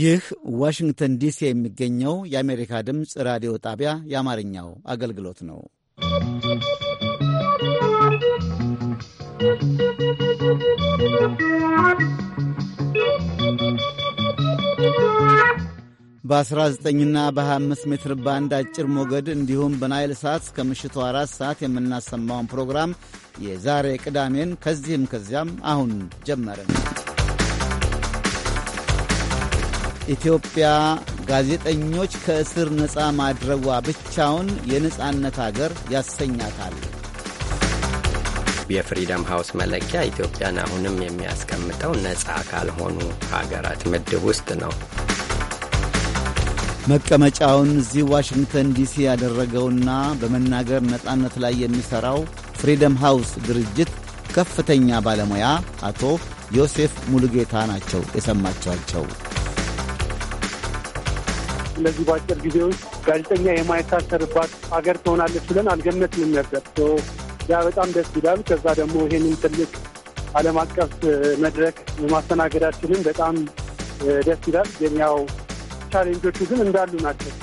ይህ ዋሽንግተን ዲሲ የሚገኘው የአሜሪካ ድምፅ ራዲዮ ጣቢያ የአማርኛው አገልግሎት ነው። በ19ና በ25 ሜትር ባንድ አጭር ሞገድ እንዲሁም በናይል ሰዓት እስከ ምሽቱ አራት ሰዓት የምናሰማውን ፕሮግራም የዛሬ ቅዳሜን ከዚህም ከዚያም አሁን ጀመርን። ኢትዮጵያ ጋዜጠኞች ከእስር ነፃ ማድረጓ ብቻውን የነፃነት አገር ያሰኛታል። የፍሪደም ሀውስ መለኪያ ኢትዮጵያን አሁንም የሚያስቀምጠው ነፃ ካልሆኑ ሀገራት ምድብ ውስጥ ነው። መቀመጫውን እዚህ ዋሽንግተን ዲሲ ያደረገውና በመናገር ነፃነት ላይ የሚሠራው ፍሪደም ሃውስ ድርጅት ከፍተኛ ባለሙያ አቶ ዮሴፍ ሙሉጌታ ናቸው የሰማችኋቸው። ስለዚህ በአጭር ጊዜ ውስጥ ጋዜጠኛ የማይታሰርባት አገር ትሆናለች ብለን አልገመትንም ነበር። ያ በጣም ደስ ይላል። ከዛ ደግሞ ይሄንን ትልቅ ዓለም አቀፍ መድረክ ማስተናገዳችንን በጣም ደስ ይላል። ግን ያው ቻሌንጆቹ ግን እንዳሉ ናቸው።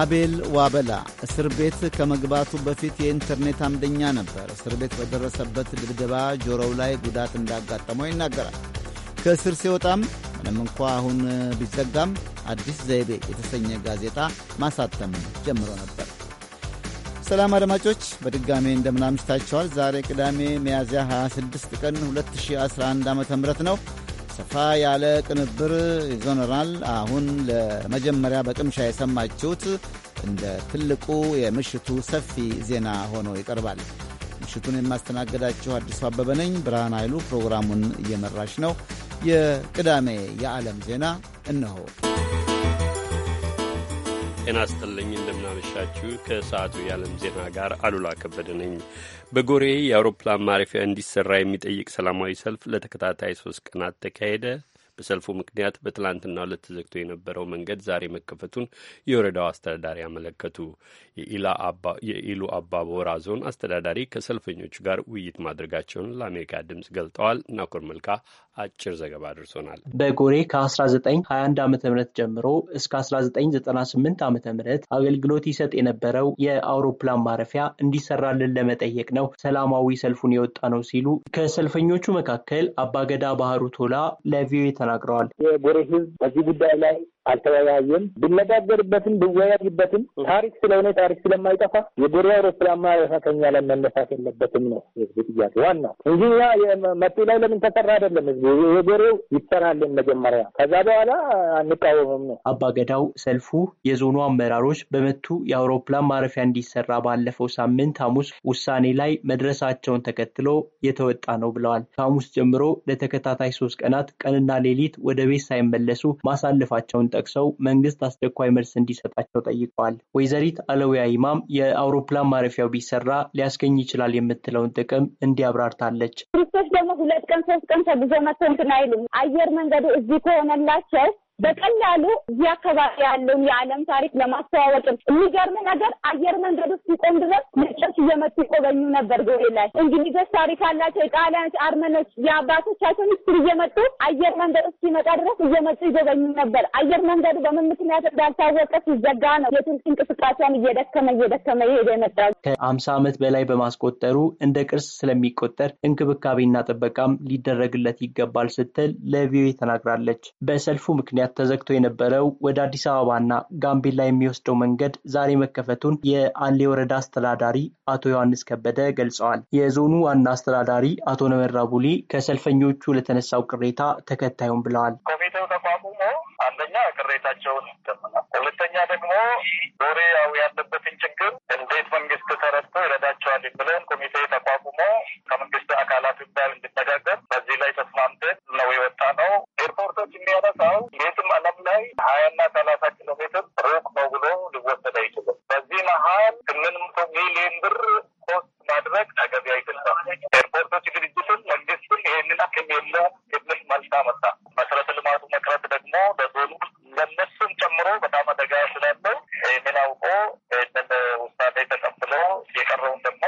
አቤል ዋበላ እስር ቤት ከመግባቱ በፊት የኢንተርኔት አምደኛ ነበር። እስር ቤት በደረሰበት ድብደባ ጆሮው ላይ ጉዳት እንዳጋጠመው ይናገራል። ከእስር ሲወጣም ምንም እንኳ አሁን ቢዘጋም አዲስ ዘይቤ የተሰኘ ጋዜጣ ማሳተም ጀምሮ ነበር። ሰላም አድማጮች፣ በድጋሜ እንደምናምስታቸዋል ዛሬ ቅዳሜ ሚያዝያ 26 ቀን 2011 ዓ ም ነው። ሰፋ ያለ ቅንብር ይዞነናል። አሁን ለመጀመሪያ በቅምሻ የሰማችሁት እንደ ትልቁ የምሽቱ ሰፊ ዜና ሆኖ ይቀርባል። ምሽቱን የማስተናገዳችሁ አዲሱ አበበ ነኝ። ብርሃን ኃይሉ ፕሮግራሙን እየመራች ነው። የቅዳሜ የዓለም ዜና እነሆ። ጤና ይስጥልኝ እንደምናመሻችሁ። ከሰዓቱ የዓለም ዜና ጋር አሉላ ከበደ ነኝ። በጎሬ የአውሮፕላን ማረፊያ እንዲሰራ የሚጠይቅ ሰላማዊ ሰልፍ ለተከታታይ ሶስት ቀናት ተካሄደ። በሰልፉ ምክንያት በትላንትና ሁለት ተዘግቶ የነበረው መንገድ ዛሬ መከፈቱን የወረዳው አስተዳዳሪ አመለከቱ። የኢሉ አባ ቦራ ዞን አስተዳዳሪ ከሰልፈኞቹ ጋር ውይይት ማድረጋቸውን ለአሜሪካ ድምፅ ገልጠዋል። ናኮር መልካ አጭር ዘገባ ደርሶናል። በጎሬ ከ1921 ዓ ም ጀምሮ እስከ 1998 ዓ ም አገልግሎት ይሰጥ የነበረው የአውሮፕላን ማረፊያ እንዲሰራልን ለመጠየቅ ነው ሰላማዊ ሰልፉን የወጣ ነው ሲሉ ከሰልፈኞቹ መካከል አባገዳ ባህሩ ቶላ ለቪኦኤ ተናግረዋል። የጎሬ ህዝብ በዚህ ጉዳይ ላይ አልተወያየም። ብነጋገርበትም ብወያይበትም ታሪክ ስለሆነ ታሪክ ስለማይጠፋ የጎሬ አውሮፕላን ማረፊያ ከኛ ላይ መነሳት የለበትም ነው የህዝብ ጥያቄ ዋናው እንጂ መጡ ላይ ለምን ተሰራ አይደለም ህዝብ የገሬው ይፈራልን መጀመሪያ፣ ከዛ በኋላ አንቃወምም ነው። አባገዳው ሰልፉ የዞኑ አመራሮች በመቱ የአውሮፕላን ማረፊያ እንዲሰራ ባለፈው ሳምንት ሐሙስ ውሳኔ ላይ መድረሳቸውን ተከትሎ የተወጣ ነው ብለዋል። ከሐሙስ ጀምሮ ለተከታታይ ሶስት ቀናት ቀንና ሌሊት ወደ ቤት ሳይመለሱ ማሳለፋቸውን ጠቅሰው መንግስት አስቸኳይ መልስ እንዲሰጣቸው ጠይቀዋል። ወይዘሪት አለዊያ ኢማም የአውሮፕላን ማረፊያው ቢሰራ ሊያስገኝ ይችላል የምትለውን ጥቅም እንዲያብራርታለች። ቱሪስቶች ደግሞ ሁለት ቀን ሶስት ቀን ተጉዞ ኮንትን አይሉም። አየር መንገዱ እዚህ ከሆነላቸው በቀላሉ እዚህ አካባቢ ያለውን የዓለም ታሪክ ለማስተዋወቅ የሚገርም ነገር አየር መንገዱ ሲቆም ድረስ ነጮች እየመጡ ይቆበኙ ነበር። ጎሬ ላይ እንግሊዞች ታሪክ አላቸው። የጣሊያኖች፣ አርመኖች የአባቶቻቸውን ሚስትር እየመጡ አየር መንገዱ ሲመጣ ድረስ እየመጡ ይጎበኙ ነበር። አየር መንገዱ በምን ምክንያት እንዳልታወቀ ሲዘጋ ነው የቱርክ እንቅስቃሴን እየደከመ እየደከመ ይሄደ የመጣው። ከአምሳ ዓመት በላይ በማስቆጠሩ እንደ ቅርስ ስለሚቆጠር እንክብካቤና ጥበቃም ሊደረግለት ይገባል ስትል ለቪኦኤ ተናግራለች። በሰልፉ ምክንያት ምክንያት ተዘግቶ የነበረው ወደ አዲስ አበባና ጋምቤላ የሚወስደው መንገድ ዛሬ መከፈቱን የአሌ ወረዳ አስተዳዳሪ አቶ ዮሐንስ ከበደ ገልጸዋል። የዞኑ ዋና አስተዳዳሪ አቶ ነመራ ቡሊ ከሰልፈኞቹ ለተነሳው ቅሬታ ተከታዩም ብለዋል። ኮሚቴው ተቋቁሞ አንደኛ ቅሬታቸውን ይሰምናል። ሁለተኛ ደግሞ ዶሬ ያው ያለበትን ችግር እንዴት መንግስት ተረድቶ ይረዳቸዋል ብለን ኮሚቴ ተቋቁሞ ከመንግስት አካላት ጋር እንድነጋገር በዚህ ላይ ተስማምተን ነው የወጣ ነው። ኤርፖርቶች የሚያነሳው የትም ዓለም ላይ ሀያና ሰላሳ ኪሎ ሜትር ሩቅ ነው ብሎ ሊወሰድ አይችልም። በዚህ መሀል ስምንት መቶ ሚሊዮን ብር ፖስት ማድረግ ተገቢ አይደለም። ኤርፖርቶች ድርጅቱን፣ መንግስቱን ይህንን አቅም የለውም የሚል መልስ አመጣ። መሰረተ ልማቱ መቅረት ደግሞ በዞኑ ለነሱም ጨምሮ በጣም አደጋ ስላለው ይህንን አውቆ ይህንን ውሳኔ ተቀብሎ የቀረውን ደግሞ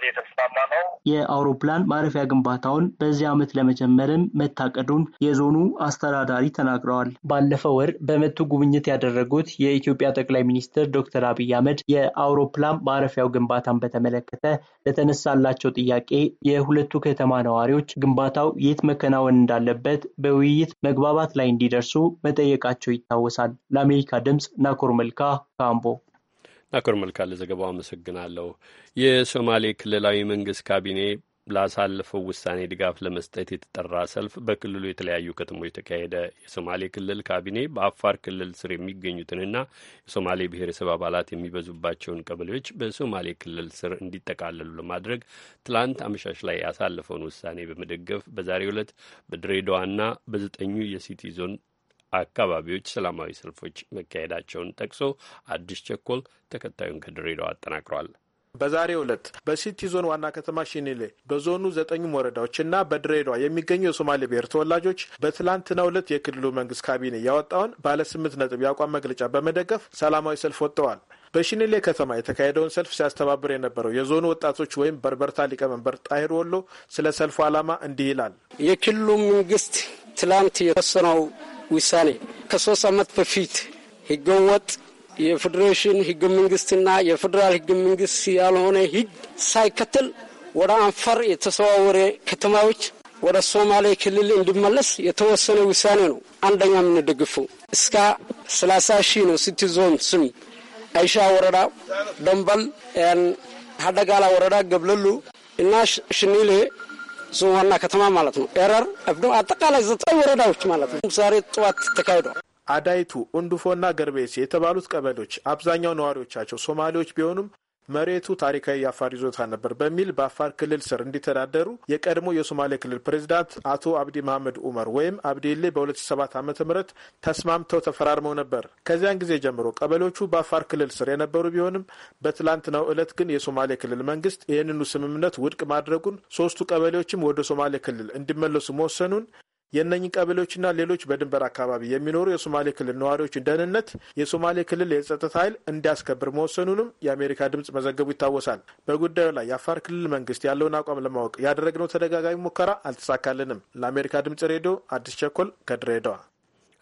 ለመውሰድ የተስማማ ነው። የአውሮፕላን ማረፊያ ግንባታውን በዚህ ዓመት ለመጀመርም መታቀዱን የዞኑ አስተዳዳሪ ተናግረዋል። ባለፈው ወር በመቱ ጉብኝት ያደረጉት የኢትዮጵያ ጠቅላይ ሚኒስትር ዶክተር አብይ አህመድ የአውሮፕላን ማረፊያው ግንባታን በተመለከተ ለተነሳላቸው ጥያቄ የሁለቱ ከተማ ነዋሪዎች ግንባታው የት መከናወን እንዳለበት በውይይት መግባባት ላይ እንዲደርሱ መጠየቃቸው ይታወሳል። ለአሜሪካ ድምፅ ናኮር መልካ ካምቦ አኮር መልካ ለዘገባው አመሰግናለሁ። የሶማሌ ክልላዊ መንግስት ካቢኔ ላሳለፈው ውሳኔ ድጋፍ ለመስጠት የተጠራ ሰልፍ በክልሉ የተለያዩ ከተሞች ተካሄደ። የሶማሌ ክልል ካቢኔ በአፋር ክልል ስር የሚገኙትንና የሶማሌ ብሔረሰብ አባላት የሚበዙባቸውን ቀበሌዎች በሶማሌ ክልል ስር እንዲጠቃለሉ ለማድረግ ትላንት አመሻሽ ላይ ያሳለፈውን ውሳኔ በመደገፍ በዛሬው ዕለት በድሬዳዋና በዘጠኙ የሲቲ ዞን አካባቢዎች ሰላማዊ ሰልፎች መካሄዳቸውን ጠቅሶ አዲስ ቸኮል ተከታዩን ከድሬዳዋ አጠናቅሯል። በዛሬው ዕለት በሲቲ ዞን ዋና ከተማ ሽኒሌ በዞኑ ዘጠኙም እና በድሬዳዋ የሚገኙ የሶማሌ ብሔር ተወላጆች በትላንትናው ዕለት የክልሉ መንግስት ካቢኔ ያወጣውን ባለ ስምንት ነጥብ የአቋም መግለጫ በመደገፍ ሰላማዊ ሰልፍ ወጥተዋል። በሽኒሌ ከተማ የተካሄደውን ሰልፍ ሲያስተባብር የነበረው የዞኑ ወጣቶች ወይም በርበርታ ሊቀመንበር ጣሂር ወሎ ስለ ሰልፉ ዓላማ እንዲህ ይላል። የክልሉ መንግስት ትላንት የተወሰነው ውሳኔ ከሶስት ዓመት በፊት ህገወጥ የፌዴሬሽን ህገ መንግስትና የፌዴራል ህገ መንግስት ያልሆነ ህግ ሳይከተል ወደ አንፈር የተሰዋወረ ከተማዎች ወደ ሶማሌ ክልል እንዲመለስ የተወሰነ ውሳኔ ነው። አንደኛ የምንደግፈው እስከ ሰላሳ ሺህ ነው። ሲቲ ዞን ስም አይሻ ወረዳ፣ ደንበል፣ ሀደጋላ ወረዳ፣ ገብለሉ እና ሽኒሌ ዞን ዋና ከተማ ማለት ነው። ኤረር እብዶ፣ አጠቃላይ ዘጠኝ ወረዳዎች ማለት ነው። ዛሬ ጠዋት ተካሂዷል። አዳይቱ፣ እንዱፎና ገርቤሴ የተባሉት ቀበሌዎች አብዛኛው ነዋሪዎቻቸው ሶማሌዎች ቢሆኑም መሬቱ ታሪካዊ የአፋር ይዞታ ነበር በሚል በአፋር ክልል ስር እንዲተዳደሩ የቀድሞ የሶማሌ ክልል ፕሬዚዳንት አቶ አብዲ መሐመድ ኡመር ወይም አብዲሌ በ2007 ዓ ም ተስማምተው ተፈራርመው ነበር። ከዚያን ጊዜ ጀምሮ ቀበሌዎቹ በአፋር ክልል ስር የነበሩ ቢሆንም በትላንትናው ዕለት ግን የሶማሌ ክልል መንግስት ይህንኑ ስምምነት ውድቅ ማድረጉን፣ ሶስቱ ቀበሌዎችም ወደ ሶማሌ ክልል እንዲመለሱ መወሰኑን የእነኝህ ቀበሌዎችና ሌሎች በድንበር አካባቢ የሚኖሩ የሶማሌ ክልል ነዋሪዎችን ደህንነት የሶማሌ ክልል የጸጥታ ኃይል እንዲያስከብር መወሰኑንም የአሜሪካ ድምፅ መዘገቡ ይታወሳል። በጉዳዩ ላይ የአፋር ክልል መንግስት ያለውን አቋም ለማወቅ ያደረግነው ተደጋጋሚ ሙከራ አልተሳካልንም። ለአሜሪካ ድምፅ ሬዲዮ አዲስ ቸኮል ከድሬዳዋ።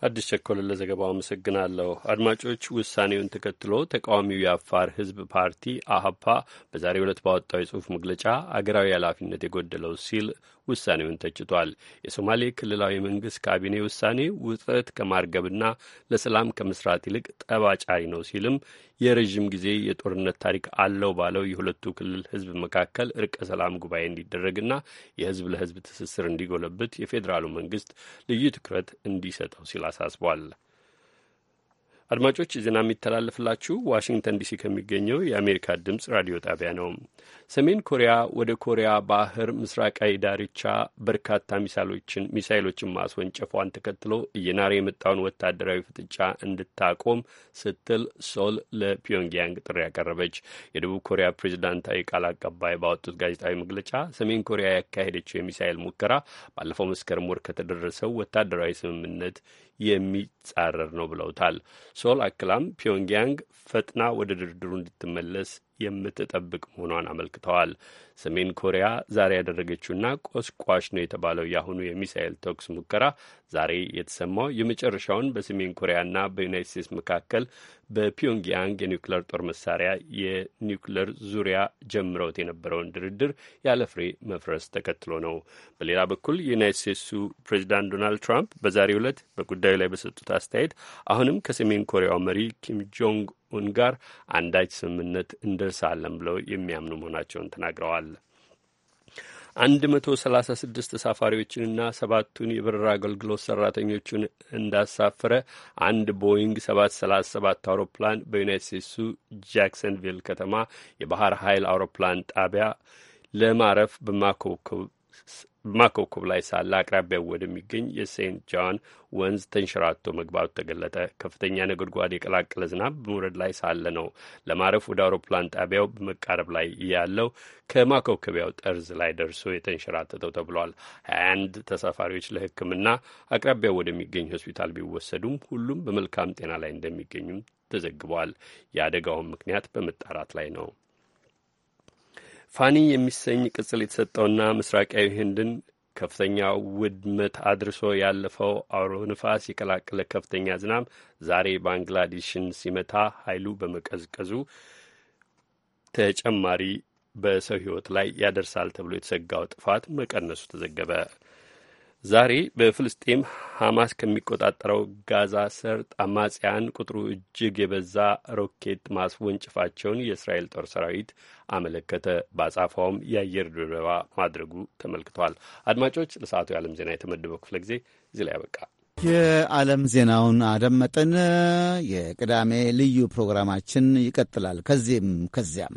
አዲስ ቸኮል ለዘገባው አመሰግናለሁ። አድማጮች፣ ውሳኔውን ተከትሎ ተቃዋሚው የአፋር ህዝብ ፓርቲ አሀፓ በዛሬው ዕለት ባወጣው የጽሁፍ መግለጫ አገራዊ ኃላፊነት የጎደለው ሲል ውሳኔውን ተችቷል። የሶማሌ ክልላዊ መንግስት ካቢኔ ውሳኔ ውጥረት ከማርገብና ለሰላም ከመስራት ይልቅ ጠባጫሪ ነው ሲልም የረዥም ጊዜ የጦርነት ታሪክ አለው ባለው የሁለቱ ክልል ህዝብ መካከል እርቀ ሰላም ጉባኤ እንዲደረግና የህዝብ ለህዝብ ትስስር እንዲጎለብት የፌዴራሉ መንግስት ልዩ ትኩረት እንዲሰጠው ሲል አሳስቧል። አድማጮች ዜና የሚተላለፍላችሁ ዋሽንግተን ዲሲ ከሚገኘው የአሜሪካ ድምፅ ራዲዮ ጣቢያ ነው። ሰሜን ኮሪያ ወደ ኮሪያ ባህር ምስራቃዊ ዳርቻ በርካታ ሚሳይሎችን ሚሳይሎችን ማስወንጨፏን ተከትሎ እየናረ የመጣውን ወታደራዊ ፍጥጫ እንድታቆም ስትል ሶል ለፒዮንግያንግ ጥሪ ያቀረበች የደቡብ ኮሪያ ፕሬዚዳንታዊ ቃል አቀባይ ባወጡት ጋዜጣዊ መግለጫ ሰሜን ኮሪያ ያካሄደችው የሚሳይል ሙከራ ባለፈው መስከረም ወር ከተደረሰው ወታደራዊ ስምምነት የሚጻረር ነው ብለውታል። ሶል አክላም ፒዮንግያንግ ፈጥና ወደ ድርድሩ እንድትመለስ የምትጠብቅ መሆኗን አመልክተዋል። ሰሜን ኮሪያ ዛሬ ያደረገችውና ቆስቋሽ ነው የተባለው የአሁኑ የሚሳኤል ተኩስ ሙከራ ዛሬ የተሰማው የመጨረሻውን በሰሜን ኮሪያና በዩናይት ስቴትስ መካከል በፒዮንግያንግ የኒውክለር ጦር መሳሪያ የኒውክለር ዙሪያ ጀምረውት የነበረውን ድርድር ያለ ፍሬ መፍረስ ተከትሎ ነው። በሌላ በኩል የዩናይት ስቴትሱ ፕሬዚዳንት ዶናልድ ትራምፕ በዛሬው ዕለት በጉዳዩ ላይ በሰጡት አስተያየት አሁንም ከሰሜን ኮሪያው መሪ ኪም ጆንግ ኡን ጋር አንዳች ስምምነት እንደርሳለን ብለው የሚያምኑ መሆናቸውን ተናግረዋል። አንድ መቶ ሰላሳ ስድስት ተሳፋሪዎችንና ሰባቱን የበረራ አገልግሎት ሰራተኞቹን እንዳሳፈረ አንድ ቦይንግ ሰባት ሰላሳ ሰባት አውሮፕላን በዩናይት ስቴትሱ ጃክሰንቪል ከተማ የባህር ኃይል አውሮፕላን ጣቢያ ለማረፍ በማኮብኮብ ማኮኮብ ላይ ሳለ አቅራቢያው ወደሚገኝ የሴንት ጃን ወንዝ ተንሸራቶ መግባቱ ተገለጠ። ከፍተኛ ነጎድጓድ የቀላቀለ ዝናብ በመውረድ ላይ ሳለ ነው ለማረፍ ወደ አውሮፕላን ጣቢያው በመቃረብ ላይ ያለው ከማኮከቢያው ጠርዝ ላይ ደርሶ የተንሸራተተው ተብሏል። ሀያ አንድ ተሳፋሪዎች ለሕክምና አቅራቢያው ወደሚገኝ ሆስፒታል ቢወሰዱም ሁሉም በመልካም ጤና ላይ እንደሚገኙም ተዘግቧል። የአደጋውን ምክንያት በመጣራት ላይ ነው። ፋኒ የሚሰኝ ቅጽል የተሰጠውና ምስራቃዊ ህንድን ከፍተኛ ውድመት አድርሶ ያለፈው አውሎ ንፋስ የቀላቀለ ከፍተኛ ዝናብ ዛሬ ባንግላዴሽን ሲመታ ኃይሉ በመቀዝቀዙ ተጨማሪ በሰው ህይወት ላይ ያደርሳል ተብሎ የተሰጋው ጥፋት መቀነሱ ተዘገበ። ዛሬ በፍልስጤም ሐማስ ከሚቆጣጠረው ጋዛ ሰርጥ አማጽያን ቁጥሩ እጅግ የበዛ ሮኬት ማስወንጭፋቸውን የእስራኤል ጦር ሰራዊት አመለከተ። በአጻፋውም የአየር ድብደባ ማድረጉ ተመልክቷል። አድማጮች፣ ለሰዓቱ የዓለም ዜና የተመደበው ክፍለ ጊዜ እዚህ ላይ ያበቃ። የዓለም ዜናውን አደመጥን። የቅዳሜ ልዩ ፕሮግራማችን ይቀጥላል። ከዚህም ከዚያም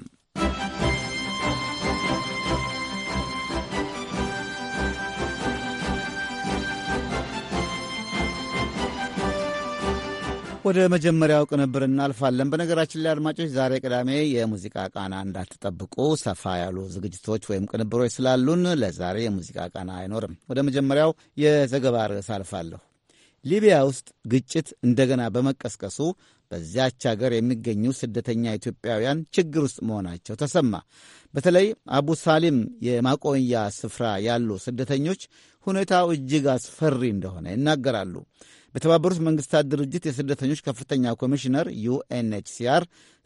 ወደ መጀመሪያው ቅንብር እናልፋለን። በነገራችን ላይ አድማጮች፣ ዛሬ ቅዳሜ የሙዚቃ ቃና እንዳትጠብቁ ሰፋ ያሉ ዝግጅቶች ወይም ቅንብሮች ስላሉን ለዛሬ የሙዚቃ ቃና አይኖርም። ወደ መጀመሪያው የዘገባ ርዕስ አልፋለሁ። ሊቢያ ውስጥ ግጭት እንደገና በመቀስቀሱ በዚያች አገር የሚገኙ ስደተኛ ኢትዮጵያውያን ችግር ውስጥ መሆናቸው ተሰማ። በተለይ አቡ ሳሊም የማቆያ ስፍራ ያሉ ስደተኞች ሁኔታው እጅግ አስፈሪ እንደሆነ ይናገራሉ። በተባበሩት መንግስታት ድርጅት የስደተኞች ከፍተኛ ኮሚሽነር ዩኤንኤችሲአር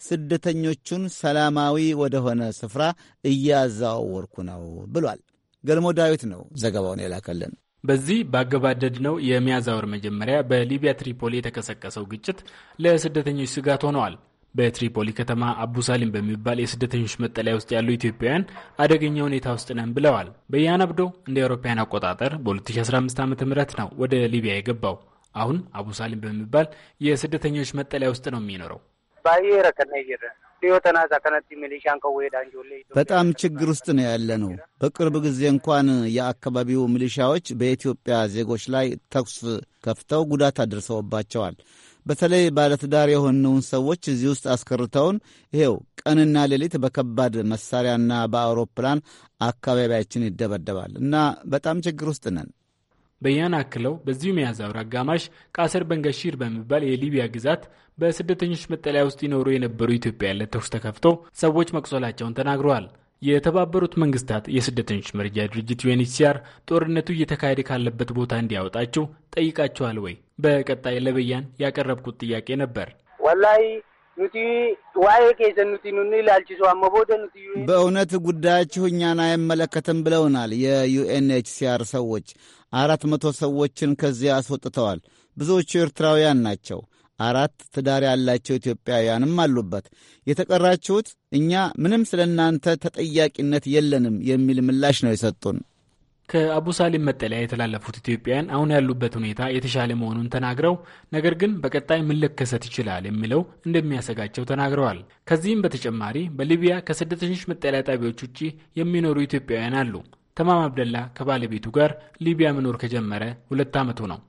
ስደተኞቹን ሰላማዊ ወደሆነ ስፍራ እያዘዋወርኩ ነው ብሏል። ገልሞ ዳዊት ነው ዘገባውን የላከልን። በዚህ ባገባደድ ነው የሚያዝያ ወር መጀመሪያ በሊቢያ ትሪፖሊ የተቀሰቀሰው ግጭት ለስደተኞች ስጋት ሆነዋል። በትሪፖሊ ከተማ አቡሳሊም በሚባል የስደተኞች መጠለያ ውስጥ ያሉ ኢትዮጵያውያን አደገኛ ሁኔታ ውስጥ ነን ብለዋል። በያን አብዶ እንደ አውሮፓውያን አቆጣጠር በ2015 ዓ ም ነው ወደ ሊቢያ የገባው። አሁን አቡሳሊም በሚባል የስደተኞች መጠለያ ውስጥ ነው የሚኖረው። በጣም ችግር ውስጥ ነው ያለ ነው። በቅርብ ጊዜ እንኳን የአካባቢው ሚሊሻዎች በኢትዮጵያ ዜጎች ላይ ተኩስ ከፍተው ጉዳት አድርሰውባቸዋል። በተለይ ባለትዳር የሆነውን ሰዎች እዚህ ውስጥ አስከርተውን ይሄው ቀንና ሌሊት በከባድ መሳሪያና በአውሮፕላን አካባቢያችን ይደበደባል እና በጣም ችግር ውስጥ ነን። በያን አክለው በዚሁ ሚያዝያ ወር አጋማሽ ቃሰር በንገሺር በሚባል የሊቢያ ግዛት በስደተኞች መጠለያ ውስጥ ይኖሩ የነበሩ ኢትዮጵያ ያለ ተኩስ ተከፍቶ ሰዎች መቁሰላቸውን ተናግረዋል። የተባበሩት መንግስታት የስደተኞች መርጃ ድርጅት ዩኤንኤችሲአር ጦርነቱ እየተካሄደ ካለበት ቦታ እንዲያወጣችው ጠይቃቸዋል ወይ? በቀጣይ ለበያን ያቀረብኩት ጥያቄ ነበር። ወላይ ኑቲ ዋይ ቄሰ ኑቲ ኑኒ ላልችሶ አመቦደ ኑቲ በእውነት ጉዳያችሁ እኛን አይመለከትም ብለውናል። የዩኤንኤችሲአር ሰዎች አራት መቶ ሰዎችን ከዚያ አስወጥተዋል። ብዙዎቹ ኤርትራውያን ናቸው። አራት ትዳር ያላቸው ኢትዮጵያውያንም አሉበት። የተቀራችሁት እኛ ምንም ስለ እናንተ ተጠያቂነት የለንም የሚል ምላሽ ነው የሰጡን። ከአቡ ሳሊም መጠለያ የተላለፉት ኢትዮጵያውያን አሁን ያሉበት ሁኔታ የተሻለ መሆኑን ተናግረው ነገር ግን በቀጣይ ምን ሊከሰት ይችላል የሚለው እንደሚያሰጋቸው ተናግረዋል። ከዚህም በተጨማሪ በሊቢያ ከስደተኞች መጠለያ ጣቢያዎች ውጭ የሚኖሩ ኢትዮጵያውያን አሉ። ተማም አብደላ ከባለቤቱ ጋር ሊቢያ መኖር ከጀመረ ሁለት ዓመቱ ነው።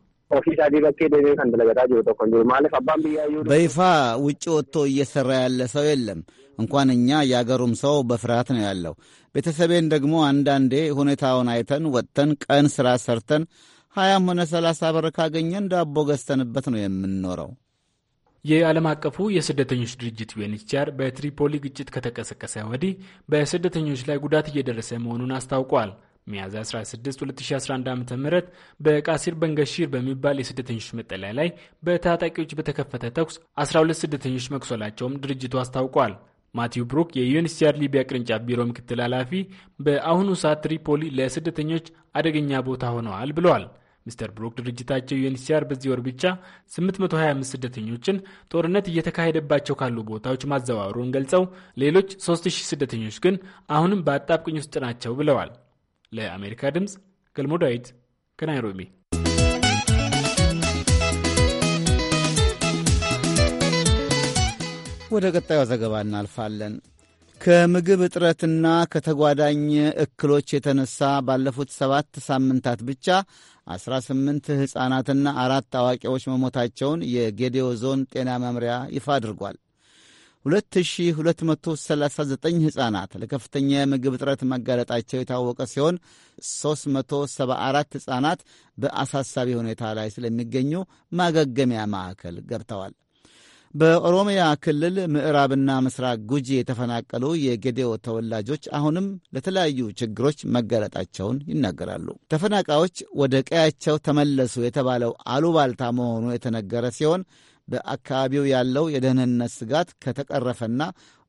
በይፋ ውጭ ወጥቶ እየሰራ ያለ ሰው የለም። እንኳን እኛ የአገሩም ሰው በፍርሃት ነው ያለው። ቤተሰቤን ደግሞ አንዳንዴ ሁኔታውን አይተን ወጥተን ቀን ሥራ ሰርተን ሀያም ሆነ ሰላሳ ብር ካገኘን ዳቦ ገዝተንበት ነው የምንኖረው። የዓለም አቀፉ የስደተኞች ድርጅት ዩኤንኤችሲአር በትሪፖሊ ግጭት ከተቀሰቀሰ ወዲህ በስደተኞች ላይ ጉዳት እየደረሰ መሆኑን አስታውቋል። ሚያዝያ 16 2011 ዓ ም በቃሲር በንገሺር በሚባል የስደተኞች መጠለያ ላይ በታጣቂዎች በተከፈተ ተኩስ 12 ስደተኞች መቁሰላቸውም ድርጅቱ አስታውቋል። ማቲው ብሩክ የዩኤንኤችሲአር ሊቢያ ቅርንጫፍ ቢሮ ምክትል ኃላፊ በአሁኑ ሰዓት ትሪፖሊ ለስደተኞች አደገኛ ቦታ ሆነዋል ብለዋል። ሚስተር ብሩክ ድርጅታቸው ዩኤንኤችሲአር በዚህ ወር ብቻ 825 ስደተኞችን ጦርነት እየተካሄደባቸው ካሉ ቦታዎች ማዘዋወሩን ገልጸው ሌሎች 3000 ስደተኞች ግን አሁንም በአጣብቅኝ ውስጥ ናቸው ብለዋል። ለአሜሪካ ድምፅ ገልሞ ዳዊት ከናይሮቢ ወደ ቀጣዩ ዘገባ እናልፋለን። ከምግብ እጥረትና ከተጓዳኝ እክሎች የተነሳ ባለፉት ሰባት ሳምንታት ብቻ 18 ሕፃናትና አራት አዋቂዎች መሞታቸውን የጌዴኦ ዞን ጤና መምሪያ ይፋ አድርጓል። 2239 ሕፃናት ለከፍተኛ የምግብ እጥረት መጋለጣቸው የታወቀ ሲሆን 374 ሕፃናት በአሳሳቢ ሁኔታ ላይ ስለሚገኙ ማገገሚያ ማዕከል ገብተዋል። በኦሮሚያ ክልል ምዕራብና ምስራቅ ጉጂ የተፈናቀሉ የጌዴኦ ተወላጆች አሁንም ለተለያዩ ችግሮች መጋለጣቸውን ይናገራሉ። ተፈናቃዮች ወደ ቀያቸው ተመለሱ የተባለው አሉባልታ መሆኑ የተነገረ ሲሆን በአካባቢው ያለው የደህንነት ስጋት ከተቀረፈና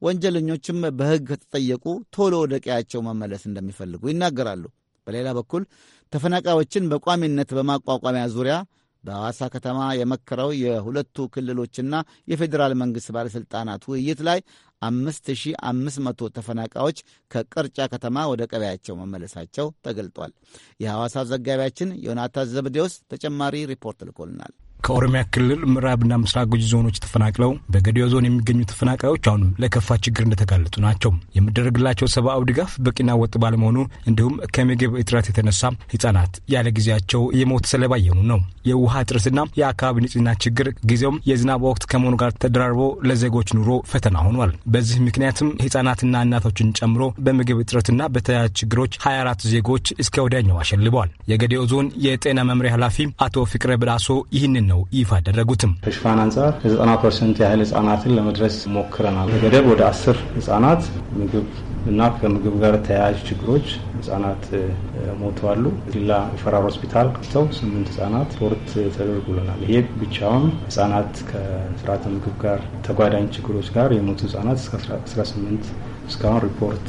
ወንጀለኞችም በሕግ ከተጠየቁ ቶሎ ወደ ቀያቸው መመለስ እንደሚፈልጉ ይናገራሉ። በሌላ በኩል ተፈናቃዮችን በቋሚነት በማቋቋሚያ ዙሪያ በሐዋሳ ከተማ የመከረው የሁለቱ ክልሎችና የፌዴራል መንግሥት ባለሥልጣናት ውይይት ላይ 5500 ተፈናቃዮች ከቅርጫ ከተማ ወደ ቀበያቸው መመለሳቸው ተገልጧል። የሐዋሳ ዘጋቢያችን ዮናታን ዘብዴዎስ ተጨማሪ ሪፖርት ልኮልናል። ከኦሮሚያ ክልል ምዕራብና ምስራቅ ጉጂ ዞኖች ተፈናቅለው በገዲዮ ዞን የሚገኙ ተፈናቃዮች አሁንም ለከፋ ችግር እንደተጋለጡ ናቸው። የሚደረግላቸው ሰብአዊ ድጋፍ በቂና ወጥ ባለመሆኑ እንዲሁም ከምግብ እጥረት የተነሳ ህጻናት ያለ ጊዜያቸው የሞት ሰለባ የኑ ነው። የውሃ እጥረትና የአካባቢ ንጽህና ችግር ጊዜውም የዝናብ ወቅት ከመሆኑ ጋር ተደራርቦ ለዜጎች ኑሮ ፈተና ሆኗል። በዚህ ምክንያትም ህጻናትና እናቶችን ጨምሮ በምግብ እጥረትና በተያያዥ ችግሮች 24 ዜጎች እስከ ወዲያኛው አሸልበዋል። የገዲዮ ዞን የጤና መምሪያ ኃላፊ አቶ ፍቅረ ብላሶ ይህንን ነው ይፋ ያደረጉትም። ከሽፋን አንጻር ከዘጠና ፐርሰንት ያህል ህጻናትን ለመድረስ ሞክረናል። በገደብ ወደ አስር ህጻናት ምግብ እና ከምግብ ጋር ተያያዥ ችግሮች ህጻናት ሞተዋሉ። ዲላ ፈራር ሆስፒታል ሰው ስምንት ህጻናት ፖርት ተደርጉልናል። ይሄ ብቻውን ህጻናት ከስርዓተ ምግብ ጋር ተጓዳኝ ችግሮች ጋር የሞቱ ህጻናት እስከ 18 እስካሁን ሪፖርት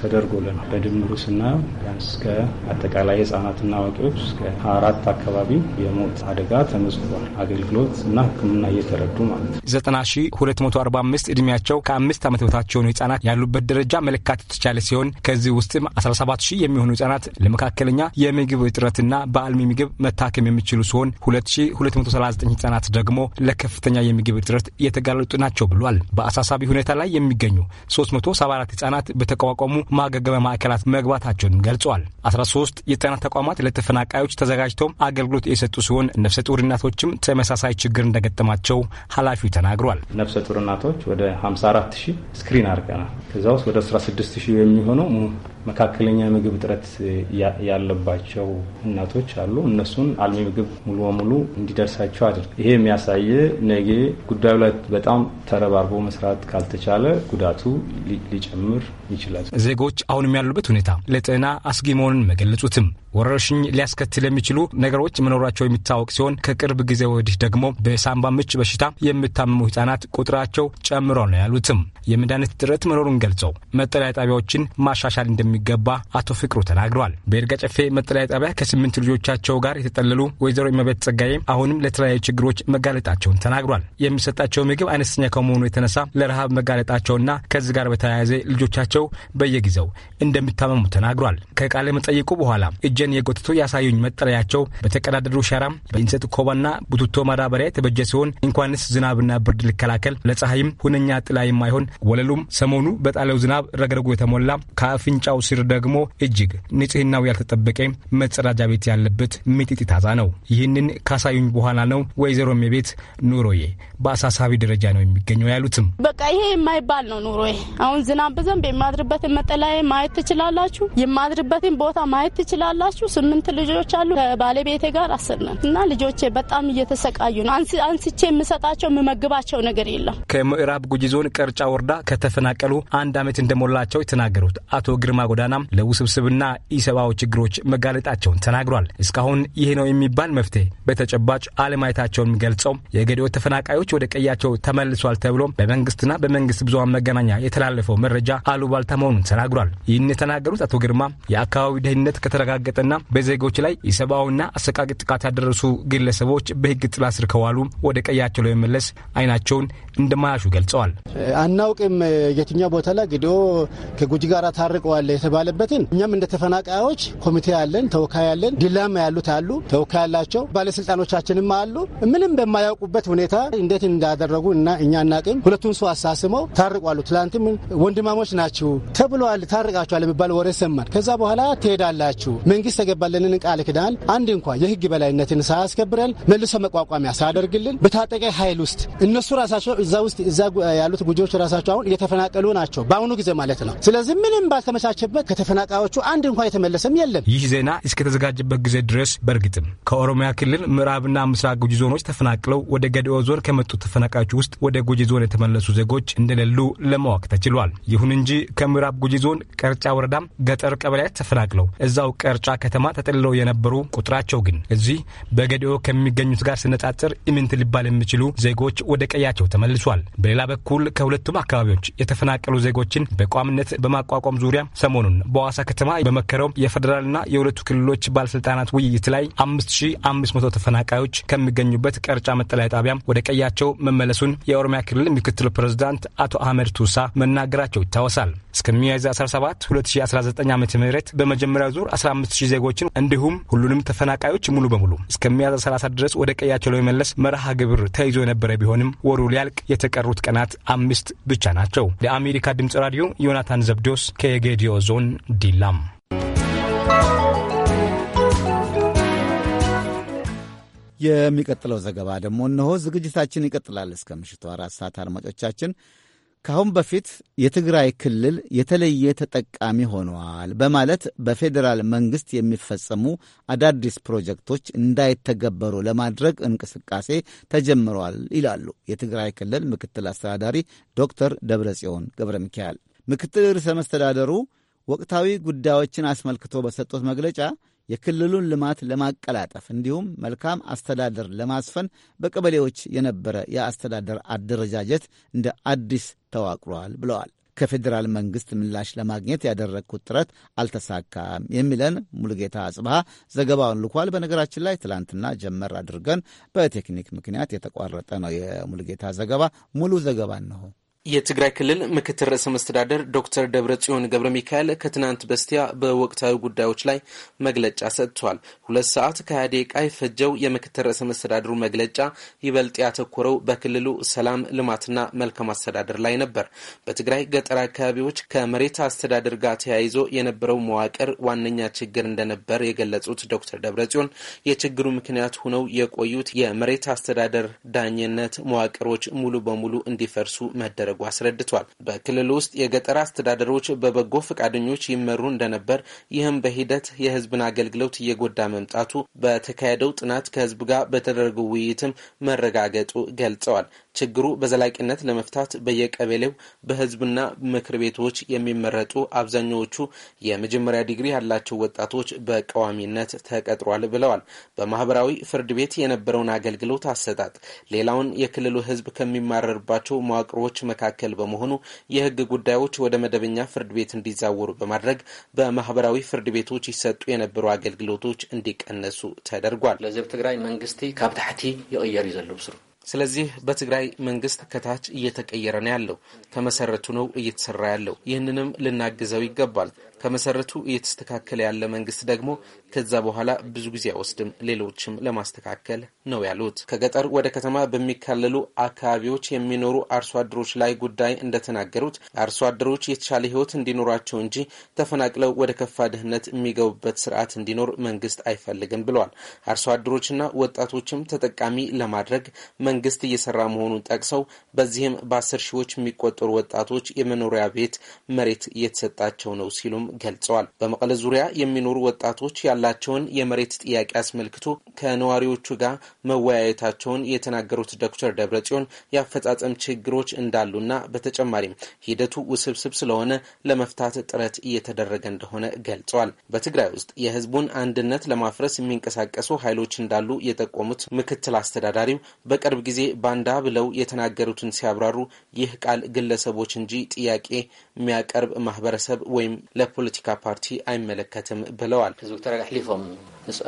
ተደርጎልናል። በድምሩ ስናየው ቢያንስ ከአጠቃላይ ህጻናትና አዋቂዎች እስከ ሀያ አራት አካባቢ የሞት አደጋ ተመዝግቧል። አገልግሎት እና ሕክምና እየተረዱ ማለት ነው። ዘጠና ሺ ሁለት መቶ አርባ አምስት እድሜያቸው ከአምስት ዓመት በታች የሆኑ ህጻናት ያሉበት ደረጃ መለካት የተቻለ ሲሆን ከዚህ ውስጥም 17 ሺህ የሚሆኑ ህጻናት ለመካከለኛ የምግብ እጥረትና በአልሚ ምግብ መታከም የሚችሉ ሲሆን 2239 ህጻናት ደግሞ ለከፍተኛ የምግብ እጥረት የተጋለጡ ናቸው ብሏል። በአሳሳቢ ሁኔታ ላይ የሚገኙ 374 ህጻናት በተቃዋ የተቋቋሙ ማገገሚያ ማዕከላት መግባታቸውን ገልጿል። 13 የጤና ተቋማት ለተፈናቃዮች ተዘጋጅተው አገልግሎት የሰጡ ሲሆን ነፍሰ ጡር እናቶችም ተመሳሳይ ችግር እንደገጠማቸው ኃላፊው ተናግሯል። ነፍሰ ጡር እናቶች ወደ 54 ሺህ ስክሪን አድርገናል። ከዛ ውስጥ ወደ 16 ሺህ የሚሆነው መካከለኛ ምግብ እጥረት ያለባቸው እናቶች አሉ። እነሱን አልሚ ምግብ ሙሉ በሙሉ እንዲደርሳቸው አድርግ። ይሄ የሚያሳየ ነገ ጉዳዩ ላይ በጣም ተረባርቦ መስራት ካልተቻለ ጉዳቱ ሊጨምር ይችላል። ዜጎች አሁንም ያሉበት ሁኔታ ለጤና አስጊ መሆኑን መገለጹትም ወረርሽኝ ሊያስከትል የሚችሉ ነገሮች መኖራቸው የሚታወቅ ሲሆን ከቅርብ ጊዜ ወዲህ ደግሞ በሳምባ ምች በሽታ የሚታመሙ ህጻናት ቁጥራቸው ጨምሮ ነው ያሉትም የመድኃኒት እጥረት መኖሩን ገልጸው መጠለያ ጣቢያዎችን ማሻሻል እንደሚገባ አቶ ፍቅሩ ተናግረዋል። በይርጋ ጨፌ መጠለያ ጣቢያ ከስምንት ልጆቻቸው ጋር የተጠለሉ ወይዘሮ የመበት ጸጋዬ አሁንም ለተለያዩ ችግሮች መጋለጣቸውን ተናግሯል። የሚሰጣቸው ምግብ አነስተኛ ከመሆኑ የተነሳ ለረሃብ መጋለጣቸውና ከዚህ ጋር በተያያዘ ልጆቻቸው በየጊዜው እንደሚታመሙ ተናግሯል። ከቃለ መጠይቁ በኋላ እጀን የጎትቶ ያሳዩኝ መጠለያቸው በተቀዳደዱ ሸራም በእንሰት ኮባና ቡትቶ ማዳበሪያ የተበጀ ሲሆን እንኳንስ ዝናብና ብርድ ሊከላከል ለፀሐይም ሁነኛ ጥላ የማይሆን ወለሉም ሰሞኑ በጣለው ዝናብ ረግረጉ የተሞላ ከአፍንጫው ስር ደግሞ እጅግ ንጽህናው ያልተጠበቀ መጸዳጃ ቤት ያለበት ሚጢጢ ታዛ ነው። ይህንን ካሳዩኝ በኋላ ነው ወይዘሮ ቤት ኑሮዬ በአሳሳቢ ደረጃ ነው የሚገኘው ያሉትም በቃ ይሄ የማይባል ነው ኑሮዬ። አሁን ዝናብ በዘንብ የማድርበትን መጠለያ ማየት ትችላላችሁ። የማድርበትን ቦታ ማየት ትችላላችሁ። ስምንት ልጆች አሉ ከባለቤቴ ጋር አስር ነን እና ልጆቼ በጣም እየተሰቃዩ ነው። አንስቼ የምሰጣቸው የምመግባቸው ነገር የለም። ከምዕራብ ጉጂ ዞን ቀርጫ ወር ወረዳ ከተፈናቀሉ አንድ ዓመት እንደሞላቸው የተናገሩት አቶ ግርማ ጎዳናም ለውስብስብና ኢሰብአዊ ችግሮች መጋለጣቸውን ተናግሯል። እስካሁን ይሄ ነው የሚባል መፍትሄ በተጨባጭ አለማየታቸውን ገልጸው የገዲኦ ተፈናቃዮች ወደ ቀያቸው ተመልሷል ተብሎ በመንግስትና በመንግስት ብዙሀን መገናኛ የተላለፈው መረጃ አሉባልታ መሆኑን ተናግሯል። ይህን የተናገሩት አቶ ግርማ የአካባቢው ደህንነት ከተረጋገጠና በዜጎች ላይ የሰብአዊና አሰቃቂ ጥቃት ያደረሱ ግለሰቦች በህግ ጥላ ስር ከዋሉ ወደ ቀያቸው ለመመለስ አይናቸውን እንደማያሹ ገልጸዋል። አናውቅም የትኛው ቦታ ላይ ግዶ ከጉጂ ጋር ታርቀዋል የተባለበትን እኛም እንደ ተፈናቃዮች ኮሚቴ ያለን ተወካይ ያለን ዲላማ ያሉት አሉ ተወካይ ያላቸው ባለስልጣኖቻችንም አሉ። ምንም በማያውቁበት ሁኔታ እንዴት እንዳደረጉ እና እኛ አናውቅም። ሁለቱን ሰው አሳስመው ታርቋሉ። ትላንትም ወንድማሞች ናችሁ ተብለዋል ታርቃችኋል የሚባል ወሬ ሰማን። ከዛ በኋላ ትሄዳላችሁ መንግስት ተገባለንን ቃል ክዳል አንድ እንኳ የህግ በላይነትን ሳያስከብረን መልሶ መቋቋሚያ ሳያደርግልን በታጠቀ ኃይል ውስጥ እነሱ ራሳቸው እዛ ውስጥ እዛ ያሉት ጉጆዎች ራሳ ራሳቸው አሁን እየተፈናቀሉ ናቸው፣ በአሁኑ ጊዜ ማለት ነው። ስለዚህ ምንም ባልተመቻቸበት ከተፈናቃዮቹ አንድ እንኳ የተመለሰም የለም። ይህ ዜና እስከተዘጋጀበት ጊዜ ድረስ በእርግጥም ከኦሮሚያ ክልል ምዕራብና ምስራቅ ጉጂ ዞኖች ተፈናቅለው ወደ ገዲኦ ዞን ከመጡት ተፈናቃዮች ውስጥ ወደ ጉጂ ዞን የተመለሱ ዜጎች እንደሌሉ ለማወቅ ተችሏል። ይሁን እንጂ ከምዕራብ ጉጂ ዞን ቀርጫ ወረዳም ገጠር ቀበሌያት ተፈናቅለው እዛው ቀርጫ ከተማ ተጠልለው የነበሩ ቁጥራቸው ግን እዚህ በገዲኦ ከሚገኙት ጋር ሲነጻጸር ኢምንት ሊባል የሚችሉ ዜጎች ወደ ቀያቸው ተመልሷል። በሌላ በኩል ከሁለቱም አካባቢዎች የተፈናቀሉ ዜጎችን በቋምነት በማቋቋም ዙሪያ ሰሞኑን በዋሳ ከተማ በመከረው የፌዴራልና የሁለቱ ክልሎች ባለስልጣናት ውይይት ላይ መቶ ተፈናቃዮች ከሚገኙበት ቀርጫ መጠለያ ጣቢያ ወደ ቀያቸው መመለሱን የኦሮሚያ ክልል ምክትል ፕሬዚዳንት አቶ አህመድ ቱሳ መናገራቸው ይታወሳል። እስከ ሚያዝያ 17 2019 ዓ ም በመጀመሪያ ዙር 150 ዜጎችን እንዲሁም ሁሉንም ተፈናቃዮች ሙሉ በሙሉ እስከ ሚያዝያ 30 ድረስ ወደ ቀያቸው ለመመለስ መርሃ ግብር ተይዞ የነበረ ቢሆንም ወሩ ሊያልቅ የተቀሩት ቀናት አምስት ብቻ ናቸው። ለአሜሪካ ድምፅ ራዲዮ ዮናታን ዘብዴዎስ ከጌዲዮ ዞን ዲላም። የሚቀጥለው ዘገባ ደግሞ እነሆ። ዝግጅታችን ይቀጥላል እስከ ምሽቱ አራት ሰዓት አድማጮቻችን ከአሁን በፊት የትግራይ ክልል የተለየ ተጠቃሚ ሆኗል በማለት በፌዴራል መንግሥት የሚፈጸሙ አዳዲስ ፕሮጀክቶች እንዳይተገበሩ ለማድረግ እንቅስቃሴ ተጀምረዋል ይላሉ የትግራይ ክልል ምክትል አስተዳዳሪ ዶክተር ደብረጽዮን ገብረ ሚካኤል። ምክትል ርዕሰ መስተዳደሩ ወቅታዊ ጉዳዮችን አስመልክቶ በሰጡት መግለጫ የክልሉን ልማት ለማቀላጠፍ እንዲሁም መልካም አስተዳደር ለማስፈን በቀበሌዎች የነበረ የአስተዳደር አደረጃጀት እንደ አዲስ ተዋቅሯል ብለዋል። ከፌዴራል መንግስት ምላሽ ለማግኘት ያደረግኩት ጥረት አልተሳካም የሚለን ሙሉጌታ አጽብሃ ዘገባውን ልኳል። በነገራችን ላይ ትላንትና ጀመር አድርገን በቴክኒክ ምክንያት የተቋረጠ ነው የሙሉጌታ ዘገባ። ሙሉ ዘገባ እንሆ የትግራይ ክልል ምክትል ርዕሰ መስተዳደር ዶክተር ደብረ ጽዮን ገብረ ሚካኤል ከትናንት በስቲያ በወቅታዊ ጉዳዮች ላይ መግለጫ ሰጥቷል። ሁለት ሰዓት ከያዴ ደቂቃ የፈጀው የምክትል ርዕሰ መስተዳድሩ መግለጫ ይበልጥ ያተኮረው በክልሉ ሰላም፣ ልማትና መልካም አስተዳደር ላይ ነበር። በትግራይ ገጠር አካባቢዎች ከመሬት አስተዳደር ጋር ተያይዞ የነበረው መዋቅር ዋነኛ ችግር እንደነበር የገለጹት ዶክተር ደብረ ጽዮን የችግሩ ምክንያት ሆነው የቆዩት የመሬት አስተዳደር ዳኝነት መዋቅሮች ሙሉ በሙሉ እንዲፈርሱ መደረጉ እንደተደረጉ አስረድቷል። በክልል ውስጥ የገጠር አስተዳደሮች በበጎ ፈቃደኞች ይመሩ እንደነበር፣ ይህም በሂደት የህዝብን አገልግሎት እየጎዳ መምጣቱ በተካሄደው ጥናት ከህዝብ ጋር በተደረገው ውይይትም መረጋገጡ ገልጸዋል። ችግሩ በዘላቂነት ለመፍታት በየቀበሌው በህዝብና ምክር ቤቶች የሚመረጡ አብዛኛዎቹ የመጀመሪያ ዲግሪ ያላቸው ወጣቶች በቀዋሚነት ተቀጥሯል ብለዋል። በማህበራዊ ፍርድ ቤት የነበረውን አገልግሎት አሰጣጥ ሌላውን የክልሉ ህዝብ ከሚማረርባቸው መዋቅሮች መካከል በመሆኑ የህግ ጉዳዮች ወደ መደበኛ ፍርድ ቤት እንዲዛወሩ በማድረግ በማህበራዊ ፍርድ ቤቶች ይሰጡ የነበሩ አገልግሎቶች እንዲቀነሱ ተደርጓል። ለህዝብ ትግራይ መንግስቲ ካብ ታሕቲ ይቅየር እዩ ዘሎ ብስሩ ስለዚህ በትግራይ መንግስት ከታች እየተቀየረ ነው ያለው፣ ከመሰረቱ ነው እየተሰራ ያለው። ይህንንም ልናግዘው ይገባል። ከመሰረቱ እየተስተካከለ ያለ መንግስት ደግሞ ከዛ በኋላ ብዙ ጊዜ አይወስድም፣ ሌሎችም ለማስተካከል ነው ያሉት። ከገጠር ወደ ከተማ በሚካለሉ አካባቢዎች የሚኖሩ አርሶ አደሮች ላይ ጉዳይ እንደተናገሩት አርሶ አደሮች የተሻለ ህይወት እንዲኖራቸው እንጂ ተፈናቅለው ወደ ከፋ ድህነት የሚገቡበት ስርዓት እንዲኖር መንግስት አይፈልግም ብለዋል። አርሶ አደሮችና ወጣቶችም ተጠቃሚ ለማድረግ መንግስት እየሰራ መሆኑን ጠቅሰው በዚህም በአስር ሺዎች የሚቆጠሩ ወጣቶች የመኖሪያ ቤት መሬት እየተሰጣቸው ነው ሲሉም ገልጸዋል። በመቀለ ዙሪያ የሚኖሩ ወጣቶች ያላቸውን የመሬት ጥያቄ አስመልክቶ ከነዋሪዎቹ ጋር መወያየታቸውን የተናገሩት ዶክተር ደብረጽዮን የአፈጻጸም ችግሮች እንዳሉና በተጨማሪም ሂደቱ ውስብስብ ስለሆነ ለመፍታት ጥረት እየተደረገ እንደሆነ ገልጸዋል። በትግራይ ውስጥ የህዝቡን አንድነት ለማፍረስ የሚንቀሳቀሱ ኃይሎች እንዳሉ የጠቆሙት ምክትል አስተዳዳሪው በቅርብ ጊዜ ባንዳ ብለው የተናገሩትን ሲያብራሩ ይህ ቃል ግለሰቦች እንጂ ጥያቄ የሚያቀርብ ማህበረሰብ ወይም ለ ፖለቲካ ፓርቲ አይመለከትም ብለዋል። ህዝቢ ተረጋ ሕሊፎም ምስ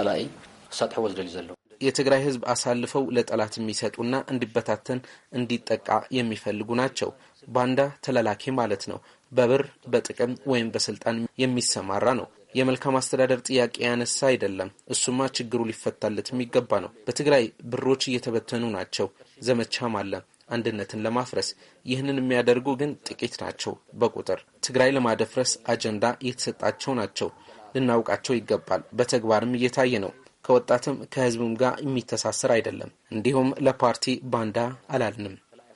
ክሳጥሕዎ ዝደልዩ ዘለዉ የትግራይ ህዝብ አሳልፈው ለጠላት የሚሰጡና እንዲበታተን እንዲጠቃ የሚፈልጉ ናቸው። ባንዳ ተላላኪ ማለት ነው። በብር በጥቅም ወይም በስልጣን የሚሰማራ ነው። የመልካም አስተዳደር ጥያቄ ያነሳ አይደለም። እሱማ ችግሩ ሊፈታለት የሚገባ ነው። በትግራይ ብሮች እየተበተኑ ናቸው። ዘመቻም አለን። አንድነትን ለማፍረስ ይህንን የሚያደርጉ ግን ጥቂት ናቸው በቁጥር ትግራይ ለማደፍረስ አጀንዳ የተሰጣቸው ናቸው። ልናውቃቸው ይገባል። በተግባርም እየታየ ነው። ከወጣትም ከህዝብም ጋር የሚተሳሰር አይደለም። እንዲሁም ለፓርቲ ባንዳ አላልንም።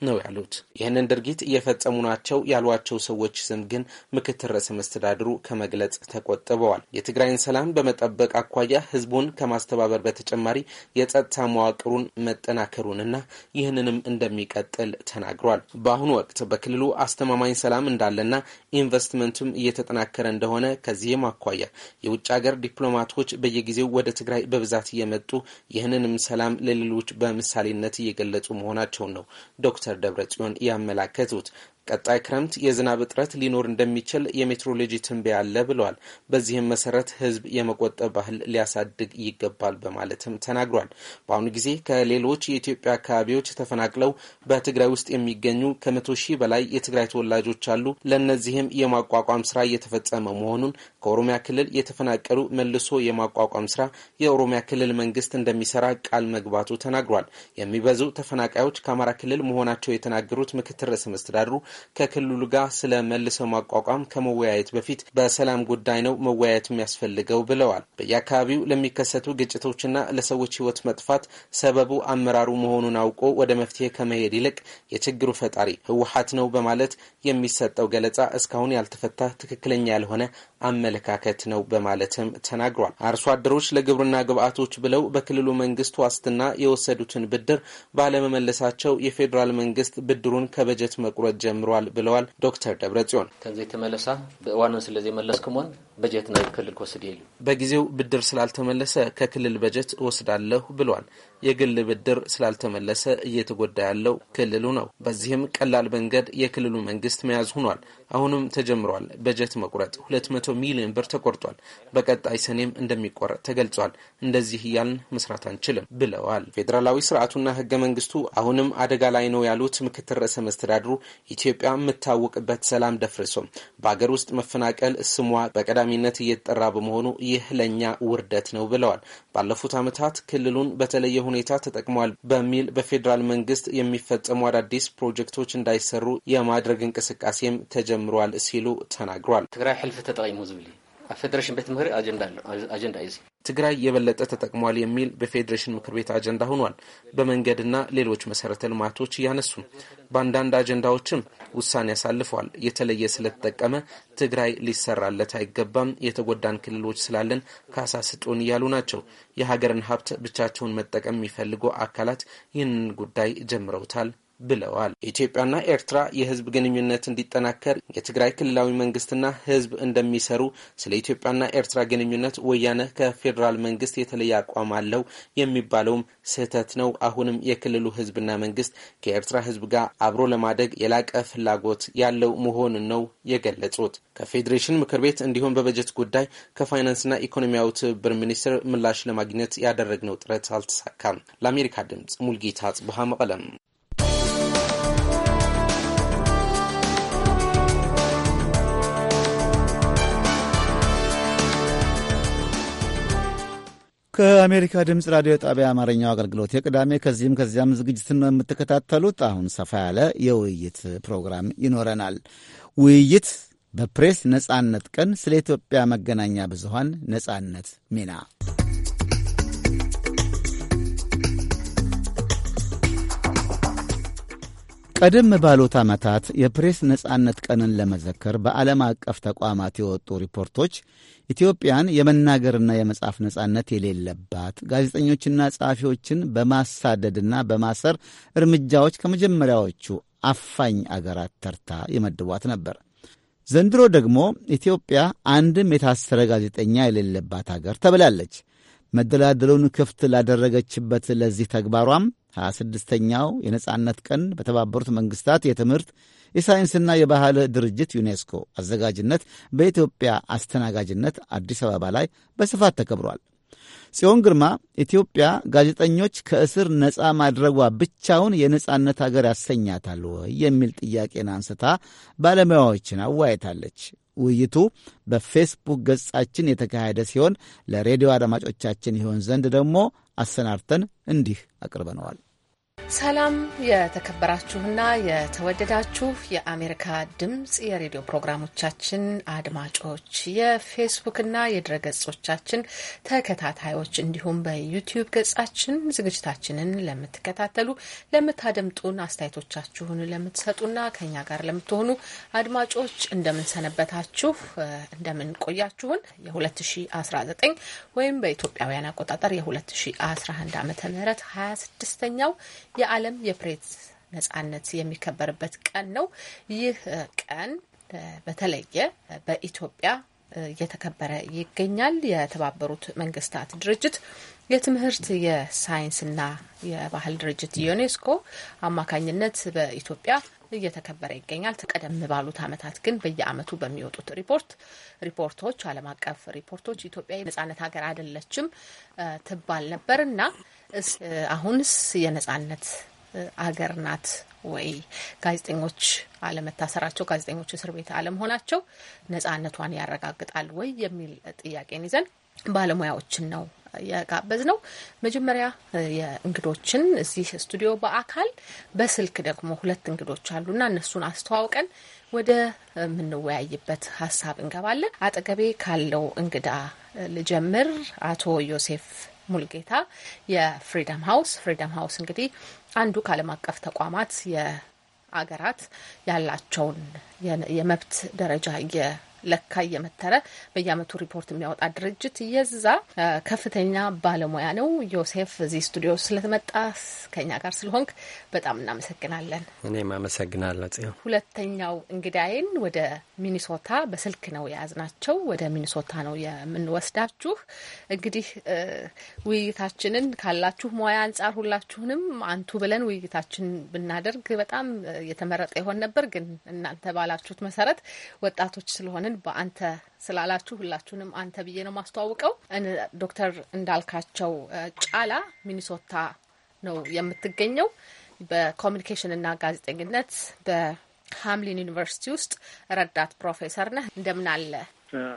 ነው ያሉት። ይህንን ድርጊት እየፈጸሙ ናቸው ያሏቸው ሰዎች ስም ግን ምክትል ርዕሰ መስተዳድሩ ከመግለጽ ተቆጥበዋል። የትግራይን ሰላም በመጠበቅ አኳያ ህዝቡን ከማስተባበር በተጨማሪ የጸጥታ መዋቅሩን መጠናከሩንና ይህንንም እንደሚቀጥል ተናግሯል። በአሁኑ ወቅት በክልሉ አስተማማኝ ሰላም እንዳለና ኢንቨስትመንቱም እየተጠናከረ እንደሆነ ከዚህም አኳያ የውጭ ሀገር ዲፕሎማቶች በየጊዜው ወደ ትግራይ በብዛት እየመጡ ይህንንም ሰላም ለሌሎች በምሳሌነት እየገለጹ መሆናቸውን ነው ዶክተር ደብረ ጽዮን ያመላከቱት ቀጣይ ክረምት የዝናብ እጥረት ሊኖር እንደሚችል የሜትሮሎጂ ትንበያ አለ ብለዋል። በዚህም መሰረት ህዝብ የመቆጠብ ባህል ሊያሳድግ ይገባል በማለትም ተናግሯል። በአሁኑ ጊዜ ከሌሎች የኢትዮጵያ አካባቢዎች ተፈናቅለው በትግራይ ውስጥ የሚገኙ ከመቶ ሺህ በላይ የትግራይ ተወላጆች አሉ። ለእነዚህም የማቋቋም ስራ እየተፈጸመ መሆኑን ከኦሮሚያ ክልል የተፈናቀሉ መልሶ የማቋቋም ስራ የኦሮሚያ ክልል መንግስት እንደሚሰራ ቃል መግባቱ ተናግሯል። የሚበዙ ተፈናቃዮች ከአማራ ክልል መሆናቸው የተናገሩት ምክትል ርዕሰ መስተዳድሩ ከክልሉ ጋር ስለ መልሰው ማቋቋም ከመወያየት በፊት በሰላም ጉዳይ ነው መወያየት የሚያስፈልገው ብለዋል። በየአካባቢው ለሚከሰቱ ግጭቶችና ለሰዎች ሕይወት መጥፋት ሰበቡ አመራሩ መሆኑን አውቆ ወደ መፍትሄ ከመሄድ ይልቅ የችግሩ ፈጣሪ ህወሀት ነው በማለት የሚሰጠው ገለጻ እስካሁን ያልተፈታ ትክክለኛ ያልሆነ አመለካከት ነው በማለትም ተናግሯል። አርሶ አደሮች ለግብርና ግብዓቶች ብለው በክልሉ መንግስት ዋስትና የወሰዱትን ብድር ባለመመለሳቸው የፌዴራል መንግስት ብድሩን ከበጀት መቁረጥ ጀምሮ ጀምረዋል ብለዋል ዶክተር ደብረ ጽዮን። ከዚህ ተመለሳ ዋናን መለስ የመለስክሞን በጀት ናይ ክልል ክወስድ የሉ በጊዜው ብድር ስላልተመለሰ ከክልል በጀት እወስዳለሁ ብሏል። የግል ብድር ስላልተመለሰ እየተጎዳ ያለው ክልሉ ነው። በዚህም ቀላል መንገድ የክልሉ መንግስት መያዝ ሆኗል። አሁንም ተጀምሯል። በጀት መቁረጥ 200 ሚሊዮን ብር ተቆርጧል። በቀጣይ ሰኔም እንደሚቆረጥ ተገልጿል። እንደዚህ እያልን መስራት አንችልም ብለዋል። ፌዴራላዊ ስርዓቱና ህገ መንግስቱ አሁንም አደጋ ላይ ነው ያሉት ምክትል ርዕሰ መስተዳድሩ ኢትዮጵያ የምታወቅበት ሰላም ደፍርሶ በአገር ውስጥ መፈናቀል ስሟ በቀዳሚነት እየተጠራ በመሆኑ ይህ ለእኛ ውርደት ነው ብለዋል። ባለፉት ዓመታት ክልሉን በተለየ ሁኔታ ተጠቅሟል በሚል በፌዴራል መንግስት የሚፈጸሙ አዳዲስ ፕሮጀክቶች እንዳይሰሩ የማድረግ እንቅስቃሴም ተጀምሯል ጀምረዋል ሲሉ ተናግሯል። ትግራይ ሕልፊ ተጠቂሙ ዝብል ኣብ ፌደሬሽን ቤት ምክሪ ኣጀንዳ እዩ ትግራይ የበለጠ ተጠቅሟል የሚል በፌዴሬሽን ምክር ቤት አጀንዳ ሆኗል። በመንገድና ሌሎች መሰረተ ልማቶች እያነሱ በአንዳንድ አጀንዳዎችም ውሳኔ አሳልፈዋል። የተለየ ስለተጠቀመ ትግራይ ሊሰራለት አይገባም፣ የተጎዳን ክልሎች ስላለን ካሳ ስጡን እያሉ ናቸው። የሀገርን ሀብት ብቻቸውን መጠቀም የሚፈልጉ አካላት ይህንን ጉዳይ ጀምረውታል ብለዋል። ኢትዮጵያና ኤርትራ የህዝብ ግንኙነት እንዲጠናከር የትግራይ ክልላዊ መንግስትና ህዝብ እንደሚሰሩ፣ ስለ ኢትዮጵያና ኤርትራ ግንኙነት ወያነ ከፌዴራል መንግስት የተለየ አቋም አለው የሚባለውም ስህተት ነው። አሁንም የክልሉ ህዝብና መንግስት ከኤርትራ ህዝብ ጋር አብሮ ለማደግ የላቀ ፍላጎት ያለው መሆኑን ነው የገለጹት። ከፌዴሬሽን ምክር ቤት እንዲሁም በበጀት ጉዳይ ከፋይናንስና ኢኮኖሚያዊ ትብብር ሚኒስቴር ምላሽ ለማግኘት ያደረግነው ጥረት አልተሳካም። ለአሜሪካ ድምጽ ሙልጌታ ጽቡሃ መቀለም ከአሜሪካ ድምፅ ራዲዮ ጣቢያ አማርኛው አገልግሎት የቅዳሜ ከዚህም ከዚያም ዝግጅትን ነው የምትከታተሉት። አሁን ሰፋ ያለ የውይይት ፕሮግራም ይኖረናል። ውይይት በፕሬስ ነጻነት ቀን ስለ ኢትዮጵያ መገናኛ ብዙሃን ነጻነት ሚና ቀደም ባሉት ዓመታት የፕሬስ ነጻነት ቀንን ለመዘከር በዓለም አቀፍ ተቋማት የወጡ ሪፖርቶች ኢትዮጵያን የመናገርና የመጻፍ ነጻነት የሌለባት፣ ጋዜጠኞችና ጸሐፊዎችን በማሳደድና በማሰር እርምጃዎች ከመጀመሪያዎቹ አፋኝ አገራት ተርታ ይመድቧት ነበር። ዘንድሮ ደግሞ ኢትዮጵያ አንድም የታሰረ ጋዜጠኛ የሌለባት አገር ተብላለች። መደላደሉን ክፍት ላደረገችበት ለዚህ ተግባሯም 26ኛው የነጻነት ቀን በተባበሩት መንግስታት የትምህርት የሳይንስና የባህል ድርጅት ዩኔስኮ አዘጋጅነት በኢትዮጵያ አስተናጋጅነት አዲስ አበባ ላይ በስፋት ተከብሯል። ጽዮን ግርማ ኢትዮጵያ ጋዜጠኞች ከእስር ነፃ ማድረጓ ብቻውን የነጻነት አገር ያሰኛታል ወይ የሚል ጥያቄን አንስታ ባለሙያዎችን አወያይታለች። ውይይቱ በፌስቡክ ገጻችን የተካሄደ ሲሆን ለሬዲዮ አድማጮቻችን ይሆን ዘንድ ደግሞ አሰናድተን እንዲህ አቅርበነዋል። ሰላም የተከበራችሁና የተወደዳችሁ የአሜሪካ ድምፅ የሬዲዮ ፕሮግራሞቻችን አድማጮች፣ የፌስቡክና ገጾቻችን ተከታታዮች እንዲሁም በዩቲዩብ ገጻችን ዝግጅታችንን ለምትከታተሉ፣ ለምታደምጡን፣ አስተያየቶቻችሁን ለምትሰጡና ከኛ ጋር ለምትሆኑ አድማጮች እንደምንሰነበታችሁ፣ እንደምንቆያችሁን የ2019 ወይም በኢትዮጵያውያን አቆጣጠር የ2011 ዓ ም 26ኛው የዓለም የፕሬስ ነጻነት የሚከበርበት ቀን ነው። ይህ ቀን በተለየ በኢትዮጵያ እየተከበረ ይገኛል። የተባበሩት መንግስታት ድርጅት የትምህርት የሳይንስና የባህል ድርጅት ዩኔስኮ አማካኝነት በኢትዮጵያ እየተከበረ ይገኛል። ቀደም ባሉት አመታት ግን በየአመቱ በሚወጡት ሪፖርት ሪፖርቶች አለም አቀፍ ሪፖርቶች ኢትዮጵያ የነጻነት ሀገር አይደለችም ትባል ነበር እና አሁንስ የነጻነት አገር ናት ወይ? ጋዜጠኞች አለመታሰራቸው፣ ጋዜጠኞች እስር ቤት አለመሆናቸው ነጻነቷን ያረጋግጣል ወይ የሚል ጥያቄን ይዘን ባለሙያዎችን ነው የጋበዝ ነው። መጀመሪያ የእንግዶችን እዚህ ስቱዲዮ በአካል በስልክ ደግሞ ሁለት እንግዶች አሉና እነሱን አስተዋውቀን ወደ የምንወያይበት ሀሳብ እንገባለን። አጠገቤ ካለው እንግዳ ልጀምር። አቶ ዮሴፍ ሙልጌታ የፍሪደም ሀውስ። ፍሪደም ሀውስ እንግዲህ አንዱ ከዓለም አቀፍ ተቋማት የአገራት ያላቸውን የመብት ደረጃ ለካ እየመተረ በየአመቱ ሪፖርት የሚያወጣ ድርጅት የዛ ከፍተኛ ባለሙያ ነው። ዮሴፍ እዚህ ስቱዲዮ ስለተመጣ ከኛ ጋር ስለሆንክ በጣም እናመሰግናለን። እኔም አመሰግናለሁ ጽዮን። ሁለተኛው እንግዳይን ወደ ሚኒሶታ በስልክ ነው የያዝናቸው። ወደ ሚኒሶታ ነው የምንወስዳችሁ። እንግዲህ ውይይታችንን ካላችሁ ሙያ አንጻር ሁላችሁንም አንቱ ብለን ውይይታችን ብናደርግ በጣም የተመረጠ ይሆን ነበር። ግን እናንተ ባላችሁት መሰረት ወጣቶች ስለሆነ ፕሮግራምን በአንተ ስላላችሁ ሁላችሁንም አንተ ብዬ ነው ማስተዋውቀው። ዶክተር እንዳልካቸው ጫላ ሚኒሶታ ነው የምትገኘው። በኮሚኒኬሽን እና ጋዜጠኝነት በሃምሊን ዩኒቨርሲቲ ውስጥ ረዳት ፕሮፌሰር ነህ። እንደምን አለ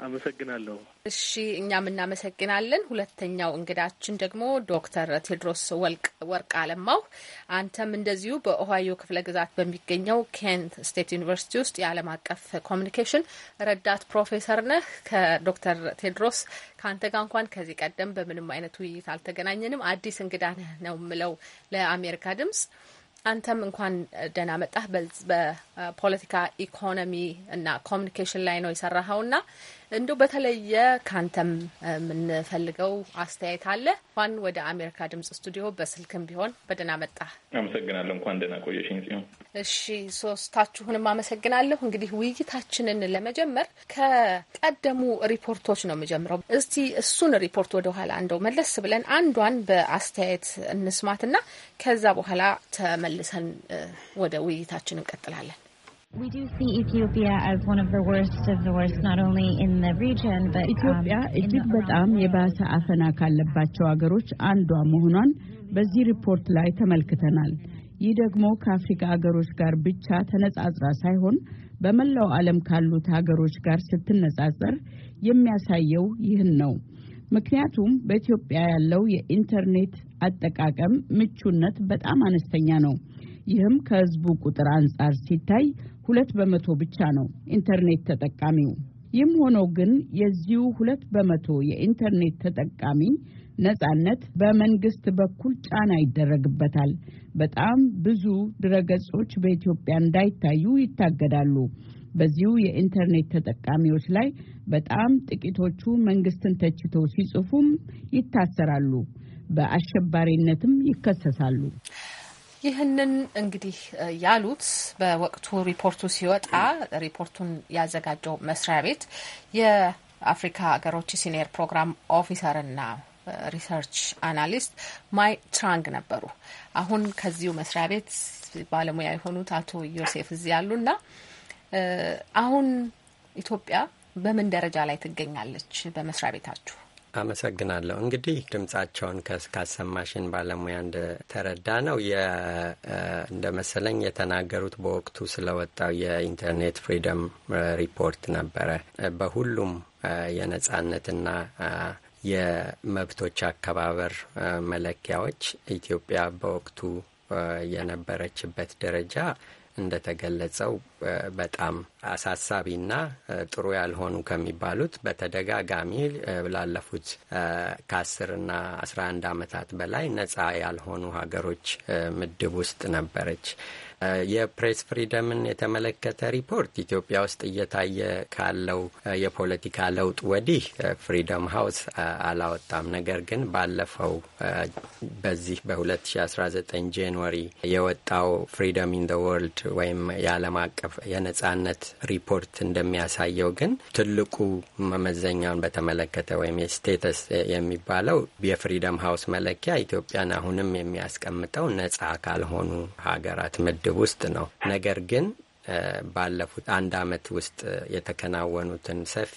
አመሰግናለሁ። እሺ እኛም እናመሰግናለን። ሁለተኛው እንግዳችን ደግሞ ዶክተር ቴድሮስ ወርቅ አለማው፣ አንተም እንደዚሁ በኦሃዮ ክፍለ ግዛት በሚገኘው ኬንት ስቴት ዩኒቨርሲቲ ውስጥ የዓለም አቀፍ ኮሚኒኬሽን ረዳት ፕሮፌሰር ነህ። ከዶክተር ቴድሮስ ከአንተ ጋር እንኳን ከዚህ ቀደም በምንም አይነት ውይይት አልተገናኘንም። አዲስ እንግዳ ነህ ነው የምለው ለአሜሪካ ድምጽ አንተም እንኳን ደህና መጣህ። በፖለቲካ ኢኮኖሚ እና ኮሚኒኬሽን ላይ ነው የሰራኸው እና እንዲሁ በተለየ ካንተም የምንፈልገው አስተያየት አለ። እንኳን ወደ አሜሪካ ድምጽ ስቱዲዮ በስልክም ቢሆን በደህና መጣ። አመሰግናለሁ። እንኳን ደህና ቆየሽኝ ሲሆን እሺ፣ ሶስታችሁንም አመሰግናለሁ። እንግዲህ ውይይታችንን ለመጀመር ከቀደሙ ሪፖርቶች ነው የምጀምረው። እስቲ እሱን ሪፖርት ወደ ኋላ እንደው መለስ ብለን አንዷን በአስተያየት እንስማትና ከዛ በኋላ ተመልሰን ወደ ውይይታችን እንቀጥላለን። ኢትዮጵያ um, እጅግ በጣም የባሰ አፈና ካለባቸው አገሮች አንዷ መሆኗን በዚህ ሪፖርት ላይ ተመልክተናል። ይህ ደግሞ ከአፍሪካ አገሮች ጋር ብቻ ተነጻጽራ ሳይሆን በመላው ዓለም ካሉት ሀገሮች ጋር ስትነጻጸር የሚያሳየው ይህን ነው። ምክንያቱም በኢትዮጵያ ያለው የኢንተርኔት አጠቃቀም ምቹነት በጣም አነስተኛ ነው። ይህም ከህዝቡ ቁጥር አንጻር ሲታይ ሁለት በመቶ ብቻ ነው ኢንተርኔት ተጠቃሚው። ይህም ሆኖ ግን የዚሁ ሁለት በመቶ የኢንተርኔት ተጠቃሚ ነጻነት በመንግስት በኩል ጫና ይደረግበታል። በጣም ብዙ ድረገጾች በኢትዮጵያ እንዳይታዩ ይታገዳሉ። በዚሁ የኢንተርኔት ተጠቃሚዎች ላይ በጣም ጥቂቶቹ መንግስትን ተችተው ሲጽፉም ይታሰራሉ፣ በአሸባሪነትም ይከሰሳሉ። ይህንን እንግዲህ ያሉት በወቅቱ ሪፖርቱ ሲወጣ ሪፖርቱን ያዘጋጀው መስሪያ ቤት የአፍሪካ ሀገሮች ሲኒየር ፕሮግራም ኦፊሰርና ሪሰርች አናሊስት ማይ ትራንግ ነበሩ። አሁን ከዚሁ መስሪያ ቤት ባለሙያ የሆኑት አቶ ዮሴፍ እዚህ ያሉና አሁን ኢትዮጵያ በምን ደረጃ ላይ ትገኛለች? በመስሪያ ቤታችሁ አመሰግናለሁ። እንግዲህ ድምጻቸውን ካሰማሽን ባለሙያ እንደተረዳ ነው እንደ መሰለኝ የተናገሩት በወቅቱ ስለወጣው የኢንተርኔት ፍሪደም ሪፖርት ነበረ። በሁሉም የነጻነትና የመብቶች አከባበር መለኪያዎች ኢትዮጵያ በወቅቱ የነበረችበት ደረጃ እንደተገለጸው በጣም አሳሳቢና ጥሩ ያልሆኑ ከሚባሉት በተደጋጋሚ ላለፉት ከአስርና አስራ አንድ አመታት በላይ ነጻ ያልሆኑ ሀገሮች ምድብ ውስጥ ነበረች። የፕሬስ ፍሪደምን የተመለከተ ሪፖርት ኢትዮጵያ ውስጥ እየታየ ካለው የፖለቲካ ለውጥ ወዲህ ፍሪደም ሀውስ አላወጣም። ነገር ግን ባለፈው በዚህ በ2019 ጃንዋሪ የወጣው ፍሪደም ኢን ወርልድ ወይም የዓለም አቀፍ የነጻነት ሪፖርት እንደሚያሳየው ግን ትልቁ መመዘኛውን በተመለከተ ወይም የስቴተስ የሚባለው የፍሪደም ሀውስ መለኪያ ኢትዮጵያን አሁንም የሚያስቀምጠው ነጻ ካልሆኑ ሀገራት ምድብ ውስጥ ነው። ነገር ግን ባለፉት አንድ ዓመት ውስጥ የተከናወኑትን ሰፊ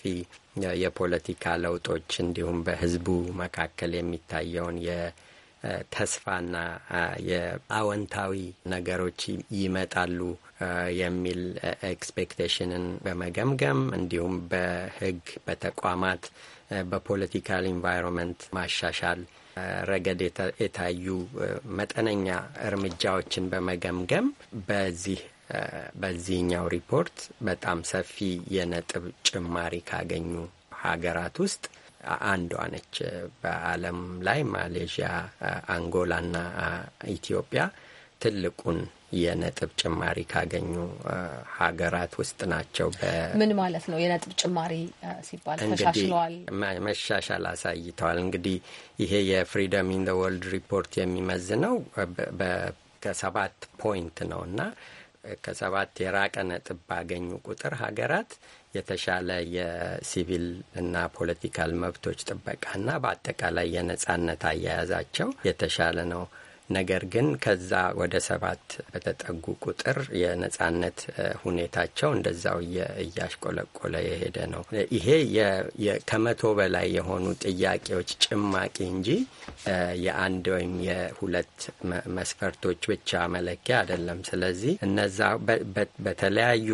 የፖለቲካ ለውጦች እንዲሁም በህዝቡ መካከል የሚታየውን የተስፋና የአወንታዊ ነገሮች ይመጣሉ የሚል ኤክስፔክቴሽንን በመገምገም እንዲሁም በህግ በተቋማት፣ በፖለቲካል ኢንቫይሮንመንት ማሻሻል ረገድ የታዩ መጠነኛ እርምጃዎችን በመገምገም በዚህ በዚህኛው ሪፖርት በጣም ሰፊ የነጥብ ጭማሪ ካገኙ ሀገራት ውስጥ አንዷ ነች። በዓለም ላይ ማሌዥያ፣ አንጎላና ኢትዮጵያ ትልቁን የነጥብ ጭማሪ ካገኙ ሀገራት ውስጥ ናቸው። ምን ማለት ነው? የነጥብ ጭማሪ ሲባል ተሻሽለዋል፣ መሻሻል አሳይተዋል። እንግዲህ ይሄ የፍሪደም ኢን ዘ ወርልድ ሪፖርት የሚመዝነው ከሰባት ፖይንት ነው እና ከሰባት የራቀ ነጥብ ባገኙ ቁጥር ሀገራት የተሻለ የሲቪል እና ፖለቲካል መብቶች ጥበቃና በአጠቃላይ የነጻነት አያያዛቸው የተሻለ ነው። ነገር ግን ከዛ ወደ ሰባት በተጠጉ ቁጥር የነጻነት ሁኔታቸው እንደዛው እያሽቆለቆለ የሄደ ነው። ይሄ ከመቶ በላይ የሆኑ ጥያቄዎች ጭማቂ እንጂ የአንድ ወይም የሁለት መስፈርቶች ብቻ መለኪያ አይደለም። ስለዚህ እነዛ በተለያዩ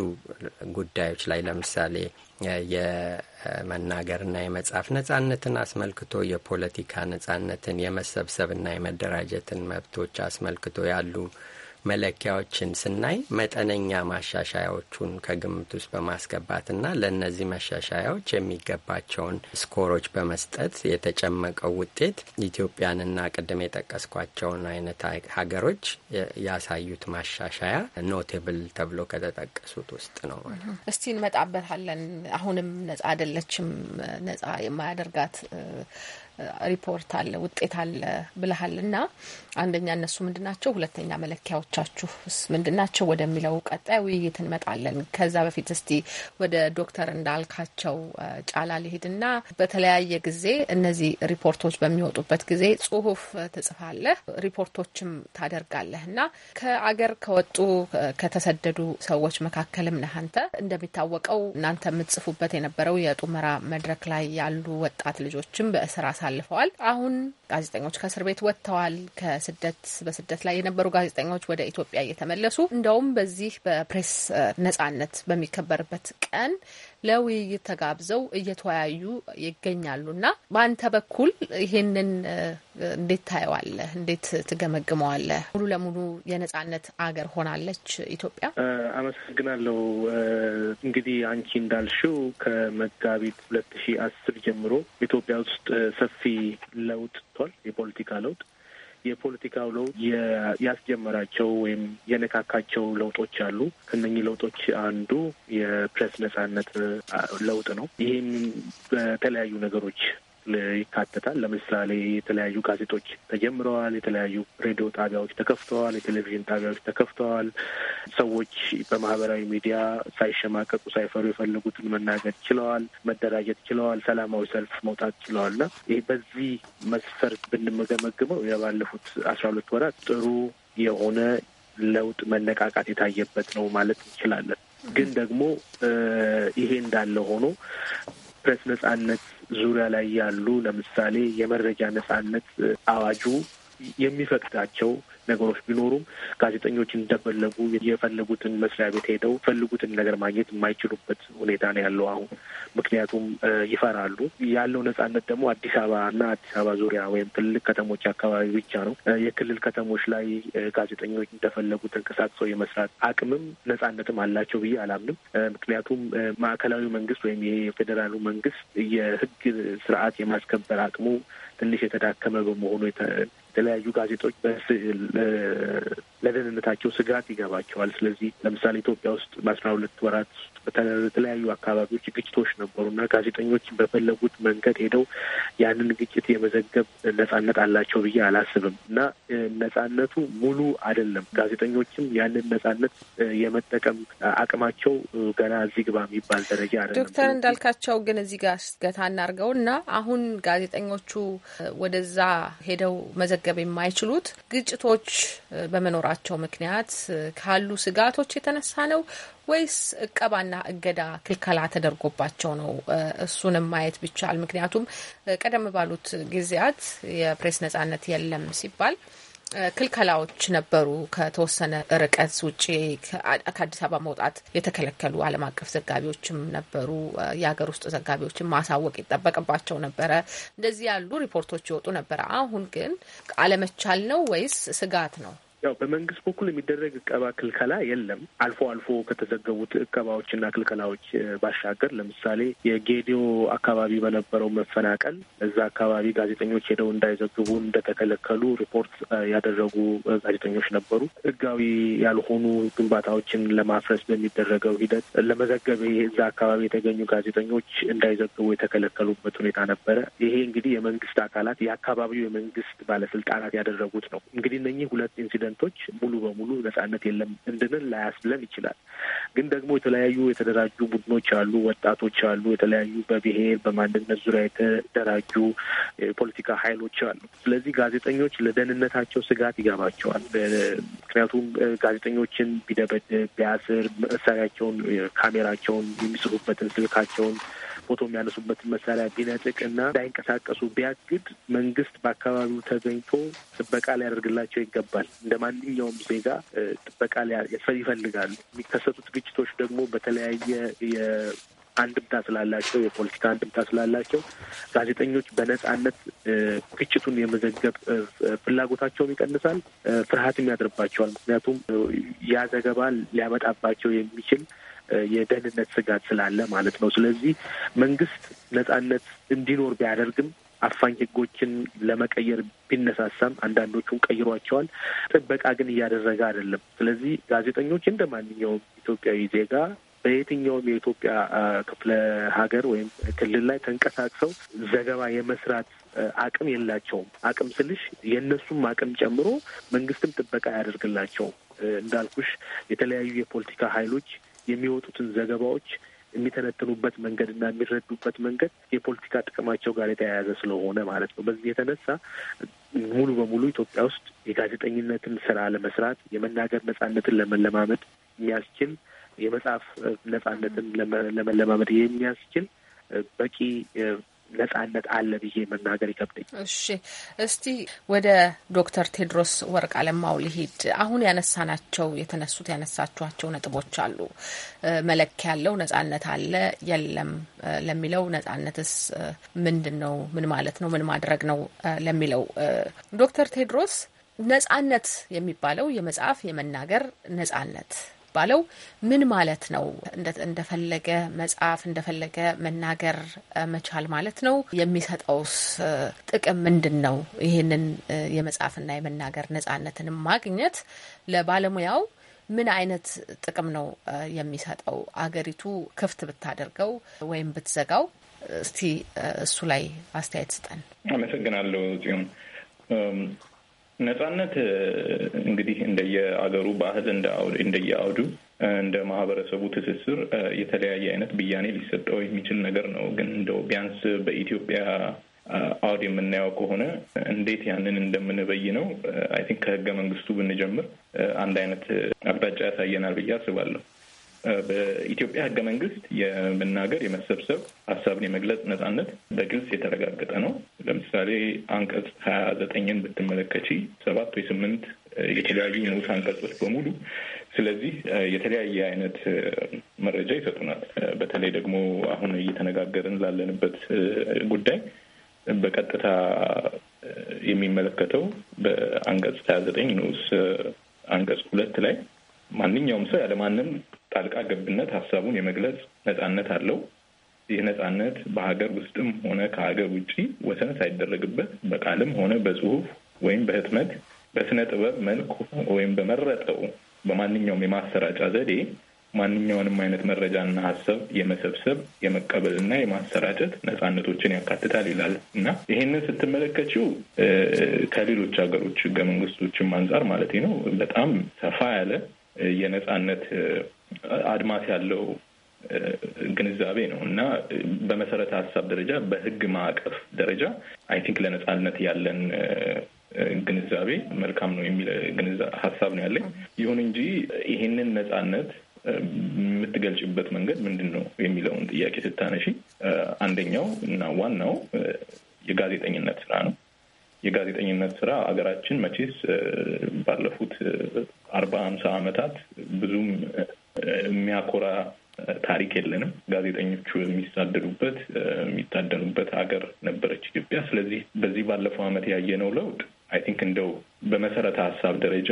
ጉዳዮች ላይ ለምሳሌ የመናገርና የመጻፍ ነጻነትን አስመልክቶ የፖለቲካ ነጻነትን የመሰብሰብና የመደራጀትን መብቶች አስመልክቶ ያሉ መለኪያዎችን ስናይ መጠነኛ ማሻሻያዎቹን ከግምት ውስጥ በማስገባትና ለእነዚህ ማሻሻያዎች የሚገባቸውን ስኮሮች በመስጠት የተጨመቀው ውጤት ኢትዮጵያንና ቅድም የጠቀስኳቸውን አይነት ሀገሮች ያሳዩት ማሻሻያ ኖቴብል ተብሎ ከተጠቀሱት ውስጥ ነው እስቲ እንመጣበታለን። አሁንም ነጻ አይደለችም። ነጻ የማያደርጋት ሪፖርት አለ፣ ውጤት አለ ብልሃል እና አንደኛ እነሱ ምንድን ናቸው፣ ሁለተኛ መለኪያዎቻችሁስ ምንድን ናቸው ወደሚለው ቀጣይ ውይይት እንመጣለን። ከዛ በፊት እስቲ ወደ ዶክተር እንዳልካቸው ጫላ ሊሄድና በተለያየ ጊዜ እነዚህ ሪፖርቶች በሚወጡበት ጊዜ ጽሁፍ ትጽፋለህ፣ ሪፖርቶችም ታደርጋለህ እና ከአገር ከወጡ ከተሰደዱ ሰዎች መካከልም ነህ አንተ። እንደሚታወቀው እናንተ የምትጽፉበት የነበረው የጡመራ መድረክ ላይ ያሉ ወጣት ልጆችም በእስር አሳልፈዋል አሁን ጋዜጠኞች ከእስር ቤት ወጥተዋል። ከስደት በስደት ላይ የነበሩ ጋዜጠኞች ወደ ኢትዮጵያ እየተመለሱ እንደውም በዚህ በፕሬስ ነጻነት በሚከበርበት ቀን ለውይይት ተጋብዘው እየተወያዩ ይገኛሉና በአንተ በኩል ይሄንን እንዴት ታየዋለህ? እንዴት ትገመግመዋለህ? ሙሉ ለሙሉ የነጻነት አገር ሆናለች ኢትዮጵያ? አመሰግናለሁ። እንግዲህ አንቺ እንዳልሽው ከመጋቢት ሁለት ሺህ አስር ጀምሮ ኢትዮጵያ ውስጥ ሰፊ ለውጥ ቷል። የፖለቲካ ለውጥ የፖለቲካው ለውጥ ያስጀመራቸው ወይም የነካካቸው ለውጦች አሉ። ከነኚህ ለውጦች አንዱ የፕሬስ ነጻነት ለውጥ ነው። ይህም በተለያዩ ነገሮች ይካተታል። ለምሳሌ የተለያዩ ጋዜጦች ተጀምረዋል። የተለያዩ ሬዲዮ ጣቢያዎች ተከፍተዋል። የቴሌቪዥን ጣቢያዎች ተከፍተዋል። ሰዎች በማህበራዊ ሚዲያ ሳይሸማቀቁ፣ ሳይፈሩ የፈለጉትን መናገር ችለዋል፣ መደራጀት ችለዋል፣ ሰላማዊ ሰልፍ መውጣት ችለዋል እና ይህ በዚህ መስፈርት ብንመገመግመው የባለፉት አስራ ሁለት ወራት ጥሩ የሆነ ለውጥ መነቃቃት የታየበት ነው ማለት እንችላለን። ግን ደግሞ ይሄ እንዳለ ሆኖ የፕሬስ ነጻነት ዙሪያ ላይ ያሉ ለምሳሌ የመረጃ ነጻነት አዋጁ የሚፈቅዳቸው ነገሮች ቢኖሩም ጋዜጠኞች እንደፈለጉ የፈለጉትን መስሪያ ቤት ሄደው ፈልጉትን ነገር ማግኘት የማይችሉበት ሁኔታ ነው ያለው አሁን። ምክንያቱም ይፈራሉ። ያለው ነጻነት ደግሞ አዲስ አበባ እና አዲስ አበባ ዙሪያ ወይም ትልቅ ከተሞች አካባቢ ብቻ ነው። የክልል ከተሞች ላይ ጋዜጠኞች እንደፈለጉ ተንቀሳቅሰው የመስራት አቅምም ነጻነትም አላቸው ብዬ አላምንም። ምክንያቱም ማዕከላዊ መንግስት ወይም ይሄ የፌዴራሉ መንግስት የህግ ስርዓት የማስከበር አቅሙ ትንሽ የተዳከመ በመሆኑ የተለያዩ ጋዜጦች በስዕል ለደህንነታቸው ስጋት ይገባቸዋል። ስለዚህ ለምሳሌ ኢትዮጵያ ውስጥ በአስራ ሁለት ወራት በተለያዩ አካባቢዎች ግጭቶች እና ጋዜጠኞች በፈለጉት መንገድ ሄደው ያንን ግጭት የመዘገብ ነጻነት አላቸው ብዬ አላስብም እና ነጻነቱ ሙሉ አይደለም። ጋዜጠኞችም ያንን ነጻነት የመጠቀም አቅማቸው ገና እዚህ ግባ የሚባል ደረጃ አይደለም። ዶክተር እንዳልካቸው ግን እዚህ ጋር ገታ እናርገው እና አሁን ጋዜጠኞቹ ወደዛ ሄደው መዘ መመገብ የማይችሉት ግጭቶች በመኖራቸው ምክንያት ካሉ ስጋቶች የተነሳ ነው ወይስ እቀባና እገዳ ክልከላ ተደርጎባቸው ነው? እሱንም ማየት ቢቻል፣ ምክንያቱም ቀደም ባሉት ጊዜያት የፕሬስ ነጻነት የለም ሲባል ክልከላዎች ነበሩ። ከተወሰነ ርቀት ውጭ ከአዲስ አበባ መውጣት የተከለከሉ ዓለም አቀፍ ዘጋቢዎችም ነበሩ። የሀገር ውስጥ ዘጋቢዎችን ማሳወቅ ይጠበቅባቸው ነበረ። እንደዚህ ያሉ ሪፖርቶች ይወጡ ነበረ። አሁን ግን አለመቻል ነው ወይስ ስጋት ነው? ያው በመንግስት በኩል የሚደረግ እቀባ ክልከላ የለም። አልፎ አልፎ ከተዘገቡት እቀባዎችና ክልከላዎች ባሻገር ለምሳሌ የጌዲዮ አካባቢ በነበረው መፈናቀል እዛ አካባቢ ጋዜጠኞች ሄደው እንዳይዘግቡ እንደተከለከሉ ሪፖርት ያደረጉ ጋዜጠኞች ነበሩ። ህጋዊ ያልሆኑ ግንባታዎችን ለማፍረስ በሚደረገው ሂደት ለመዘገብ እዛ አካባቢ የተገኙ ጋዜጠኞች እንዳይዘግቡ የተከለከሉበት ሁኔታ ነበረ። ይሄ እንግዲህ የመንግስት አካላት የአካባቢው የመንግስት ባለስልጣናት ያደረጉት ነው። እንግዲህ እነኚህ ሁለት ኢንሲደንት ኤጀንቶች ሙሉ በሙሉ ነጻነት የለም እንድንል ላያስብለን ይችላል። ግን ደግሞ የተለያዩ የተደራጁ ቡድኖች አሉ፣ ወጣቶች አሉ፣ የተለያዩ በብሔር በማንነት ዙሪያ የተደራጁ የፖለቲካ ኃይሎች አሉ። ስለዚህ ጋዜጠኞች ለደህንነታቸው ስጋት ይገባቸዋል። ምክንያቱም ጋዜጠኞችን ቢደበድብ፣ ቢያስር መሳሪያቸውን፣ ካሜራቸውን፣ የሚጽፉበትን ስልካቸውን ፎቶ የሚያነሱበትን መሳሪያ ቢነጥቅ እና እንዳይንቀሳቀሱ ቢያግድ መንግስት በአካባቢው ተገኝቶ ጥበቃ ሊያደርግላቸው ይገባል። እንደ ማንኛውም ዜጋ ጥበቃ ይፈልጋሉ። የሚከሰቱት ግጭቶች ደግሞ በተለያየ አንድምታ ስላላቸው የፖለቲካ አንድምታ ስላላቸው ጋዜጠኞች በነጻነት ግጭቱን የመዘገብ ፍላጎታቸውን ይቀንሳል፣ ፍርሃትም ያድርባቸዋል። ምክንያቱም ያ ዘገባ ሊያመጣባቸው የሚችል የደህንነት ስጋት ስላለ ማለት ነው። ስለዚህ መንግስት ነጻነት እንዲኖር ቢያደርግም አፋኝ ህጎችን ለመቀየር ቢነሳሳም አንዳንዶቹን ቀይሯቸዋል። ጥበቃ ግን እያደረገ አይደለም። ስለዚህ ጋዜጠኞች እንደ ማንኛውም ኢትዮጵያዊ ዜጋ በየትኛውም የኢትዮጵያ ክፍለ ሀገር ወይም ክልል ላይ ተንቀሳቅሰው ዘገባ የመስራት አቅም የላቸውም። አቅም ስልሽ የእነሱም አቅም ጨምሮ መንግስትም ጥበቃ አያደርግላቸውም። እንዳልኩሽ የተለያዩ የፖለቲካ ኃይሎች የሚወጡትን ዘገባዎች የሚተነትኑበት መንገድና የሚረዱበት መንገድ የፖለቲካ ጥቅማቸው ጋር የተያያዘ ስለሆነ ማለት ነው። በዚህ የተነሳ ሙሉ በሙሉ ኢትዮጵያ ውስጥ የጋዜጠኝነትን ስራ ለመስራት የመናገር ነጻነትን ለመለማመድ የሚያስችል የመጽሐፍ ነጻነትን ለመለማመድ የሚያስችል በቂ ነጻነት አለ ብዬ መናገር ይከብደኝ። እሺ እስቲ ወደ ዶክተር ቴድሮስ ወርቅ አለማው ልሂድ። አሁን ያነሳናቸው የተነሱት ያነሳችኋቸው ነጥቦች አሉ። መለክ ያለው ነጻነት አለ የለም ለሚለው ነጻነትስ ምንድን ነው? ምን ማለት ነው? ምን ማድረግ ነው ለሚለው ዶክተር ቴድሮስ ነጻነት የሚባለው የመጽሐፍ የመናገር ነጻነት የሚባለው ምን ማለት ነው? እንደፈለገ መጻፍ እንደፈለገ መናገር መቻል ማለት ነው። የሚሰጠውስ ጥቅም ምንድን ነው? ይህንን የመጻፍና የመናገር ነጻነትን ማግኘት ለባለሙያው ምን አይነት ጥቅም ነው የሚሰጠው? አገሪቱ ክፍት ብታደርገው ወይም ብትዘጋው፣ እስቲ እሱ ላይ አስተያየት ስጠን። አመሰግናለሁ። ነጻነት እንግዲህ እንደየአገሩ ባህል እንደየአውዱ እንደ ማህበረሰቡ ትስስር የተለያየ አይነት ብያኔ ሊሰጠው የሚችል ነገር ነው። ግን እንደው ቢያንስ በኢትዮጵያ አውድ የምናየው ከሆነ እንዴት ያንን እንደምንበይ ነው። አይ ቲንክ ከህገ መንግስቱ ብንጀምር አንድ አይነት አቅጣጫ ያሳየናል ብዬ አስባለሁ። በኢትዮጵያ ህገ መንግስት የመናገር የመሰብሰብ፣ ሀሳብን የመግለጽ ነጻነት በግልጽ የተረጋገጠ ነው። ለምሳሌ አንቀጽ ሀያ ዘጠኝን ብትመለከች ሰባት ወይ ስምንት የተለያዩ ንዑስ አንቀጾች በሙሉ ስለዚህ የተለያየ አይነት መረጃ ይሰጡናል። በተለይ ደግሞ አሁን እየተነጋገርን ላለንበት ጉዳይ በቀጥታ የሚመለከተው በአንቀጽ ሀያ ዘጠኝ ንዑስ አንቀጽ ሁለት ላይ ማንኛውም ሰው ያለማንም ጣልቃ ገብነት ሀሳቡን የመግለጽ ነጻነት አለው። ይህ ነጻነት በሀገር ውስጥም ሆነ ከሀገር ውጭ ወሰን ሳይደረግበት በቃልም ሆነ በጽሁፍ ወይም በህትመት በስነ ጥበብ መልክ ወይም በመረጠው በማንኛውም የማሰራጫ ዘዴ ማንኛውንም አይነት መረጃና ሀሳብ የመሰብሰብ የመቀበልና የማሰራጨት ነጻነቶችን ያካትታል ይላል እና ይህንን ስትመለከችው ከሌሎች ሀገሮች ህገ መንግስቶችም አንጻር ማለት ነው በጣም ሰፋ ያለ የነጻነት አድማስ ያለው ግንዛቤ ነው እና በመሰረተ ሀሳብ ደረጃ በህግ ማዕቀፍ ደረጃ አይ ቲንክ ለነጻነት ያለን ግንዛቤ መልካም ነው የሚል ሀሳብ ነው ያለኝ። ይሁን እንጂ ይሄንን ነጻነት የምትገልጭበት መንገድ ምንድን ነው የሚለውን ጥያቄ ስታነሺ አንደኛው እና ዋናው የጋዜጠኝነት ስራ ነው። የጋዜጠኝነት ስራ አገራችን መቼስ ባለፉት አርባ ሃምሳ ዓመታት ብዙም የሚያኮራ ታሪክ የለንም። ጋዜጠኞቹ የሚሳደዱበት የሚታደኑበት ሀገር ነበረች ኢትዮጵያ። ስለዚህ በዚህ ባለፈው ዓመት ያየነው ለውጥ አይ ቲንክ እንደው በመሰረተ ሀሳብ ደረጃ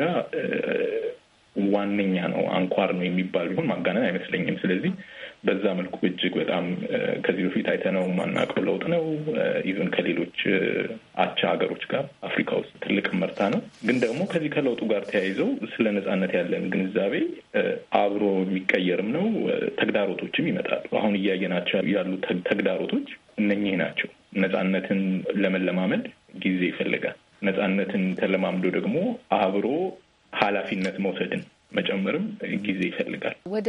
ዋነኛ ነው አንኳር ነው የሚባል ቢሆን ማጋነን አይመስለኝም። ስለዚህ በዛ መልኩ እጅግ በጣም ከዚህ በፊት አይተነው የማናውቀው ለውጥ ነው። ኢቨን ከሌሎች አቻ ሀገሮች ጋር አፍሪካ ውስጥ ትልቅ መርታ ነው። ግን ደግሞ ከዚህ ከለውጡ ጋር ተያይዘው ስለ ነጻነት ያለን ግንዛቤ አብሮ የሚቀየርም ነው። ተግዳሮቶችም ይመጣሉ። አሁን እያየናቸው ያሉ ተግዳሮቶች እነኚህ ናቸው። ነጻነትን ለመለማመድ ጊዜ ይፈልጋል። ነጻነትን ተለማምዶ ደግሞ አብሮ ኃላፊነት መውሰድን መጨመርም ጊዜ ይፈልጋል። ወደ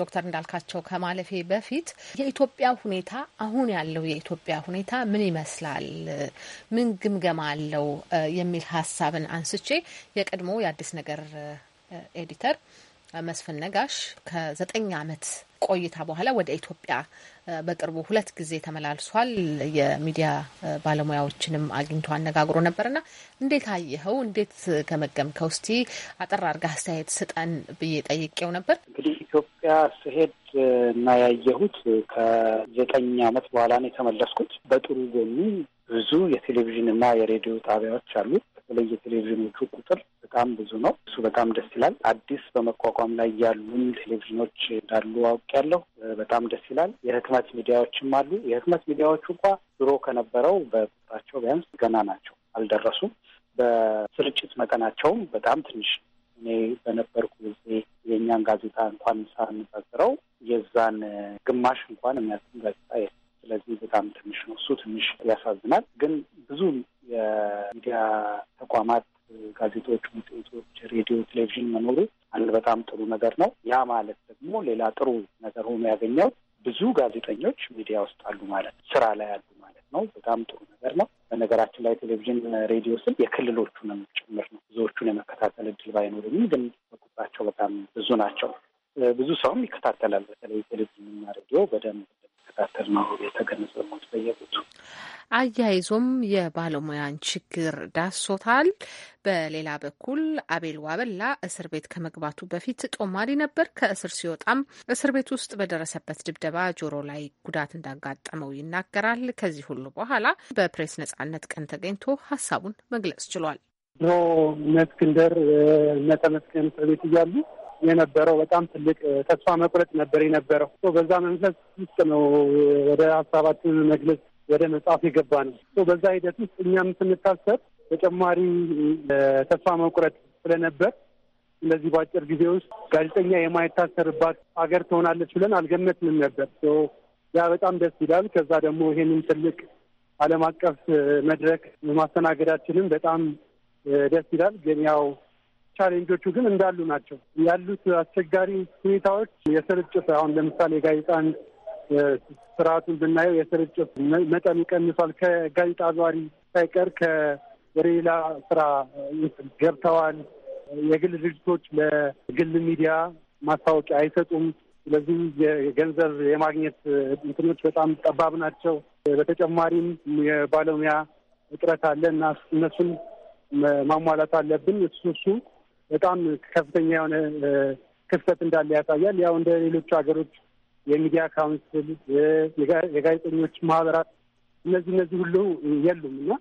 ዶክተር እንዳልካቸው ከማለፌ በፊት የኢትዮጵያ ሁኔታ አሁን ያለው የኢትዮጵያ ሁኔታ ምን ይመስላል፣ ምን ግምገማ አለው የሚል ሀሳብን አንስቼ የቀድሞ የአዲስ ነገር ኤዲተር መስፍን ነጋሽ ከዘጠኝ ዓመት ቆይታ በኋላ ወደ ኢትዮጵያ በቅርቡ ሁለት ጊዜ ተመላልሷል። የሚዲያ ባለሙያዎችንም አግኝቶ አነጋግሮ ነበርና እንዴት አየኸው? እንዴት ከመገምከው? እስቲ አጠር አድርገህ አስተያየት ስጠን ብዬ ጠይቄው ነበር። እንግዲህ ኢትዮጵያ ስሄድ እና ያየሁት ከዘጠኝ ዓመት በኋላ ነው የተመለስኩት። በጥሩ ጎኑ ብዙ የቴሌቪዥን እና የሬዲዮ ጣቢያዎች አሉ። በተለይ የቴሌቪዥኖቹ ቁጥር በጣም ብዙ ነው። እሱ በጣም ደስ ይላል። አዲስ በመቋቋም ላይ ያሉን ቴሌቪዥኖች እንዳሉ አውቄያለሁ። በጣም ደስ ይላል። የህትመት ሚዲያዎችም አሉ። የህትመት ሚዲያዎቹ እንኳ ድሮ ከነበረው በቁጥራቸው ቢያንስ ገና ናቸው፣ አልደረሱም። በስርጭት መጠናቸውም በጣም ትንሽ እኔ በነበርኩ ጊዜ የእኛን ጋዜጣ እንኳን ሳንጻጽረው የዛን ግማሽ እንኳን የሚያስም ጋዜጣ ስለዚህ በጣም ትንሽ ነው። እሱ ትንሽ ያሳዝናል። ግን ብዙ የሚዲያ ተቋማት ጋዜጦች፣ መጽሔቶች፣ ሬዲዮ፣ ቴሌቪዥን መኖሩ አንድ በጣም ጥሩ ነገር ነው። ያ ማለት ደግሞ ሌላ ጥሩ ነገር ሆኖ ያገኘው ብዙ ጋዜጠኞች ሚዲያ ውስጥ አሉ ማለት ስራ ላይ አሉ ማለት ነው። በጣም ጥሩ ነገር ነው። በነገራችን ላይ ቴሌቪዥን፣ ሬዲዮ ስል የክልሎቹንም ጭምር ነው። ብዙዎቹን የመከታተል እድል ባይኖርም ግን በቁጥራቸው በጣም ብዙ ናቸው። ብዙ ሰውም ይከታተላል። በተለይ ቴሌቪዥንና ሬዲዮ በደንብ እየተከታተል ነው የተገነዘብኩት በየቦቱ አያይዞም የባለሙያን ችግር ዳሶታል። በሌላ በኩል አቤል ዋበላ እስር ቤት ከመግባቱ በፊት ጦማሪ ነበር። ከእስር ሲወጣም እስር ቤት ውስጥ በደረሰበት ድብደባ ጆሮ ላይ ጉዳት እንዳጋጠመው ይናገራል። ከዚህ ሁሉ በኋላ በፕሬስ ነጻነት ቀን ተገኝቶ ሀሳቡን መግለጽ ችሏል። ድሮ እነ እስክንደር እነ ተመስገን እስር ቤት እያሉ የነበረው። በጣም ትልቅ ተስፋ መቁረጥ ነበር የነበረው። በዛ መንፈስ ውስጥ ነው ወደ ሀሳባችን መግለጽ ወደ መጽሐፍ የገባ ነው። በዛ ሂደት ውስጥ እኛም ስንታሰብ ተጨማሪ ተስፋ መቁረጥ ስለነበር እንደዚህ በአጭር ጊዜ ውስጥ ጋዜጠኛ የማይታሰርባት አገር ትሆናለች ብለን አልገመትንም ነበር። ያ በጣም ደስ ይላል። ከዛ ደግሞ ይሄንን ትልቅ ዓለም አቀፍ መድረክ ማስተናገዳችንም በጣም ደስ ይላል። ግን ያው ቻሌንጆቹ ግን እንዳሉ ናቸው። ያሉት አስቸጋሪ ሁኔታዎች የስርጭት አሁን ለምሳሌ ጋዜጣን ስርዓቱን ብናየው የስርጭት መጠን ቀንሷል። ከጋዜጣ ዘዋሪ ሳይቀር ከሌላ ስራ ገብተዋል። የግል ድርጅቶች ለግል ሚዲያ ማስታወቂያ አይሰጡም። ስለዚህ የገንዘብ የማግኘት እንትኖች በጣም ጠባብ ናቸው። በተጨማሪም የባለሙያ እጥረት አለ እና እነሱን ማሟላት አለብን። እሱ እሱ በጣም ከፍተኛ የሆነ ክፍተት እንዳለ ያሳያል። ያው እንደ ሌሎቹ ሀገሮች የሚዲያ ካውንስል፣ የጋዜጠኞች ማህበራት እነዚህ እነዚህ ሁሉ የሉም እና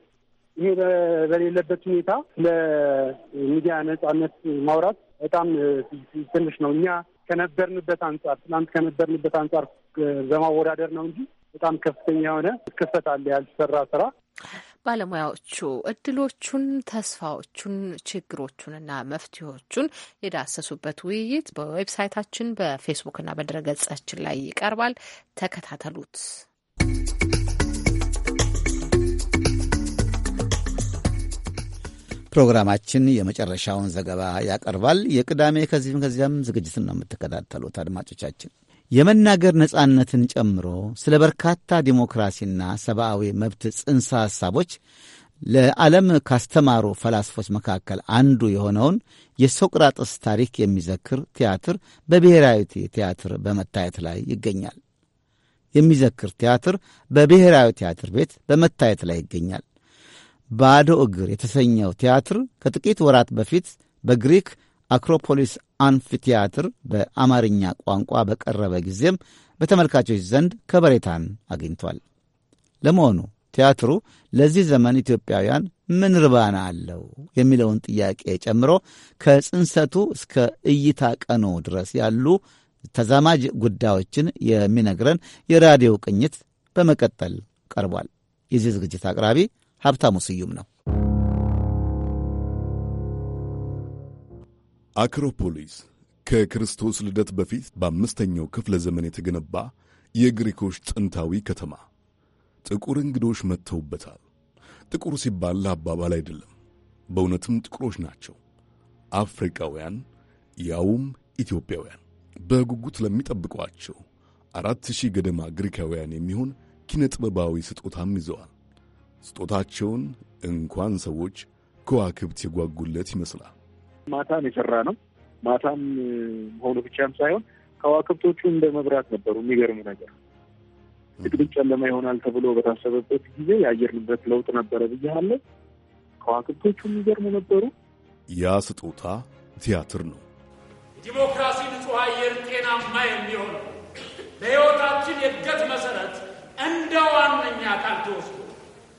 ይሄ በሌለበት ሁኔታ ስለ ሚዲያ ነጻነት ማውራት በጣም ትንሽ ነው። እኛ ከነበርንበት አንጻር ትናንት ከነበርንበት አንጻር በማወዳደር ነው እንጂ በጣም ከፍተኛ የሆነ ክፍተት አለ ያልተሰራ ስራ ባለሙያዎቹ እድሎቹን፣ ተስፋዎቹን፣ ችግሮቹንና መፍትሄዎቹን የዳሰሱበት ውይይት በዌብሳይታችን በፌስቡክና በድረገጻችን ላይ ይቀርባል። ተከታተሉት። ፕሮግራማችን የመጨረሻውን ዘገባ ያቀርባል። የቅዳሜ ከዚህም ከዚያም ዝግጅትን ነው የምትከታተሉት አድማጮቻችን። የመናገር ነጻነትን ጨምሮ ስለ በርካታ ዲሞክራሲና ሰብአዊ መብት ጽንሰ ሐሳቦች ለዓለም ካስተማሩ ፈላስፎች መካከል አንዱ የሆነውን የሶቅራጥስ ታሪክ የሚዘክር ቲያትር በብሔራዊ ቲያትር በመታየት ላይ ይገኛል። የሚዘክር ቲያትር በብሔራዊ ቲያትር ቤት በመታየት ላይ ይገኛል። ባዶ እግር የተሰኘው ቲያትር ከጥቂት ወራት በፊት በግሪክ አክሮፖሊስ አንፍቲያትር በአማርኛ ቋንቋ በቀረበ ጊዜም በተመልካቾች ዘንድ ከበሬታን አግኝቷል። ለመሆኑ ቲያትሩ ለዚህ ዘመን ኢትዮጵያውያን ምን ርባና አለው የሚለውን ጥያቄ ጨምሮ ከጽንሰቱ እስከ እይታ ቀኑ ድረስ ያሉ ተዛማጅ ጉዳዮችን የሚነግረን የራዲዮ ቅኝት በመቀጠል ቀርቧል። የዚህ ዝግጅት አቅራቢ ሀብታሙ ስዩም ነው። አክሮፖሊስ ከክርስቶስ ልደት በፊት በአምስተኛው ክፍለ ዘመን የተገነባ የግሪኮች ጥንታዊ ከተማ። ጥቁር እንግዶች መጥተውበታል። ጥቁር ሲባል ለአባባል አይደለም፣ በእውነትም ጥቁሮች ናቸው። አፍሪካውያን ያውም ኢትዮጵያውያን በጉጉት ለሚጠብቋቸው አራት ሺህ ገደማ ግሪካውያን የሚሆን ኪነ ጥበባዊ ስጦታም ይዘዋል። ስጦታቸውን እንኳን ሰዎች ከዋክብት የጓጉለት ይመስላል። ማታም የሰራ ነው። ማታም መሆኑ ብቻም ሳይሆን ከዋክብቶቹ እንደ መብራት ነበሩ። የሚገርም ነገር ድቅድቅ ጨለማ ይሆናል ተብሎ በታሰበበት ጊዜ የአየር ንብረት ለውጥ ነበረ ብያለሁ። ከዋክብቶቹ የሚገርሙ ነበሩ። ያ ስጦታ ቲያትር ነው። ዲሞክራሲ ንጹሕ አየር ጤናማ የሚሆነው ለሕይወታችን የእድገት መሠረት እንደ ዋነኛ አካል ተወስዶ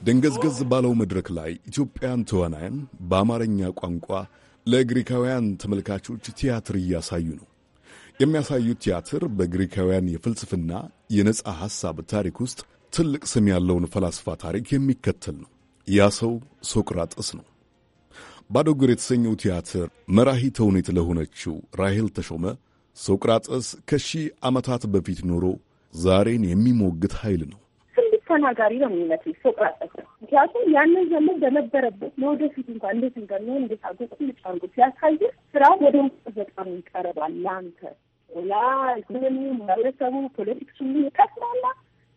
ደንገዝገዝ ባለው መድረክ ላይ ኢትዮጵያን ተዋናያን በአማርኛ ቋንቋ ለግሪካውያን ተመልካቾች ቲያትር እያሳዩ ነው። የሚያሳዩት ቲያትር በግሪካውያን የፍልስፍና የነጻ ሐሳብ ታሪክ ውስጥ ትልቅ ስም ያለውን ፈላስፋ ታሪክ የሚከተል ነው። ያ ሰው ሶቅራጥስ ነው። ባዶ እግር የተሰኘው ቲያትር መራሂ ተውኔት ለሆነችው ራሄል ተሾመ ሶቅራጥስ ከሺህ ዓመታት በፊት ኖሮ ዛሬን የሚሞግት ኃይል ነው። ተናጋሪ ነው የሚመስል ሶቅራጠፍ ነው። ምክንያቱም ያንን ዘመን በነበረበት ለወደፊት እንኳ እንዴት እንደሚሆን እንዴት አድርጎ ቁልጭ አድርጎ ሲያሳይህ ስራ ወደ ውስጥ በጣም ይቀርባል። ለአንተ ያ ኢኮኖሚ፣ ማህበረሰቡ፣ ፖለቲክሱ ይቀስማላ።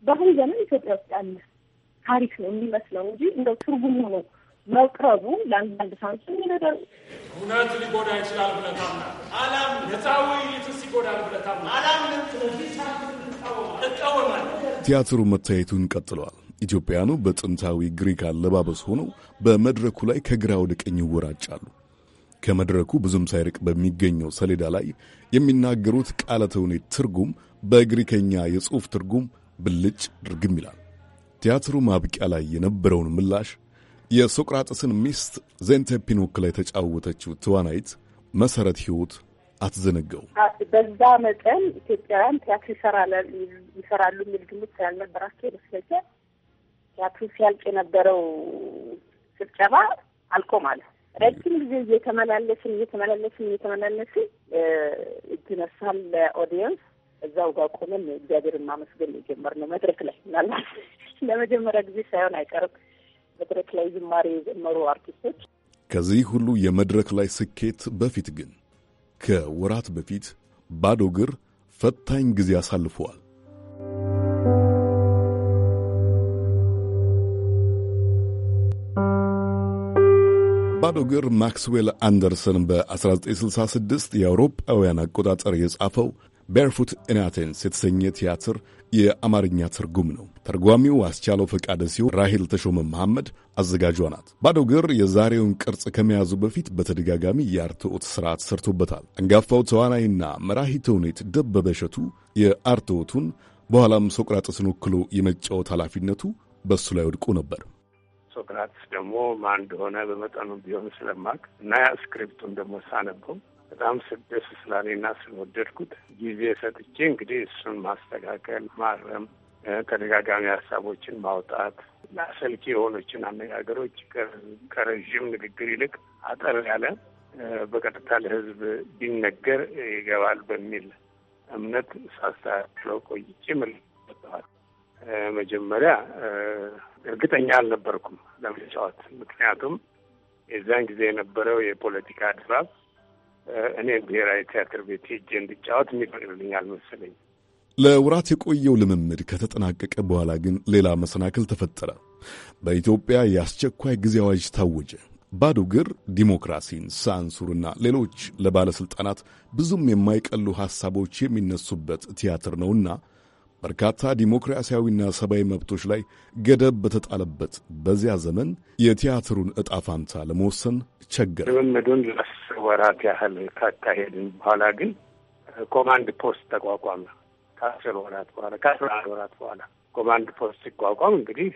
በአሁን ዘመን ኢትዮጵያ ውስጥ ያለ ታሪክ ነው የሚመስለው እንጂ እንደው ትርጉሙ ነው መቅረቡ ለአንዳንድ ሳንሱ የሚነገር እውነት ሊጎዳ ይችላል ብለታምና አላም ነፃ ውይይትስ ይጎዳል ብለታምና አላም ነ ቲያትሩ መታየቱን ቀጥለዋል። ኢትዮጵያኑ በጥንታዊ ግሪክ አለባበስ ሆነው በመድረኩ ላይ ከግራ ወደ ቀኝ ይወራጫሉ። ከመድረኩ ብዙም ሳይርቅ በሚገኘው ሰሌዳ ላይ የሚናገሩት ቃለ ተውኔት ትርጉም በግሪከኛ የጽሑፍ ትርጉም ብልጭ ድርግም ይላል። ቲያትሩ ማብቂያ ላይ የነበረውን ምላሽ የሶቅራጥስን ሚስት ዜንቴፒን ወክላ የተጫወተችው ተዋናይት መሠረት ሕይወት አትዘነጋው። በዛ መጠን ኢትዮጵያውያን ቲያትር ይሰራሉ የሚል ግምት ስላልነበራቸው ይመስለኛል ቲያትሩ ሲያልቅ የነበረው ጭብጨባ አልቆ ማለት ረጅም ጊዜ እየተመላለስን እየተመላለስን እየተመላለስን እጅ ነሳል ለኦዲየንስ እዛው ጋር ቆመን እግዚአብሔር ማመስገን የጀመርነው መድረክ ላይ ምናልባት ለመጀመሪያ ጊዜ ሳይሆን አይቀርም። መድረክ ላይ ዝማሬ የዘመሩ አርቲስቶች ከዚህ ሁሉ የመድረክ ላይ ስኬት በፊት ግን ከወራት በፊት ባዶ እግር ፈታኝ ጊዜ አሳልፈዋል። ባዶ እግር ማክስዌል አንደርሰን በ1966 የአውሮፓውያን አቆጣጠር የጻፈው ቤርፉት ኢን አቴንስ የተሰኘ ቲያትር የአማርኛ ትርጉም ነው። ተርጓሚው አስቻለው ፈቃደ ሲሆን ራሄል ተሾመ መሐመድ አዘጋጇ ናት። ባዶ እግር የዛሬውን ቅርጽ ከመያዙ በፊት በተደጋጋሚ የአርትዖት ስርዓት ሰርቶበታል። አንጋፋው ተዋናይና መራሂ ተውኔት ደበበ እሸቱ የአርትዖቱን በኋላም ሶቅራጥስን ወክሎ የመጫወት ኃላፊነቱ በእሱ ላይ ወድቆ ነበር። ሶቅራጥስ ደግሞ ማን እንደሆነ በመጠኑ ቢሆን ስለማቅ እና ስክሪፕቱን ደግሞ ሳነበው በጣም ስደስ እና ስለወደድኩት ጊዜ ሰጥቼ እንግዲህ እሱን ማስተካከል፣ ማረም፣ ተደጋጋሚ ሀሳቦችን ማውጣት አሰልቺ የሆኖችን አነጋገሮች ከረዥም ንግግር ይልቅ አጠር ያለ በቀጥታ ለህዝብ ቢነገር ይገባል በሚል እምነት ሳስተካክለው ቆይቼ መልጠዋል። መጀመሪያ እርግጠኛ አልነበርኩም ለመጫወት፣ ምክንያቱም የዛን ጊዜ የነበረው የፖለቲካ ድባብ እኔ ብሔራዊ ቲያትር ቤት ሄጄ እንድጫወት የሚፈቅድልኛል መሰለኝ። ለውራት የቆየው ልምምድ ከተጠናቀቀ በኋላ ግን ሌላ መሰናክል ተፈጠረ። በኢትዮጵያ የአስቸኳይ ጊዜ አዋጅ ታወጀ። ባዶ እግር ዲሞክራሲን፣ ሳንሱርና ሌሎች ለባለሥልጣናት ብዙም የማይቀሉ ሐሳቦች የሚነሱበት ቲያትር ነውና በርካታ ዲሞክራሲያዊና ሰብአዊ መብቶች ላይ ገደብ በተጣለበት በዚያ ዘመን የቲያትሩን እጣ ፋንታ ለመወሰን ቸገረ። ልምምዱን ለአስር ወራት ያህል ካካሄድን በኋላ ግን ኮማንድ ፖስት ተቋቋመ። ከአስር ወራት በኋላ ከአስራ አንድ ወራት በኋላ ኮማንድ ፖስት ሲቋቋም እንግዲህ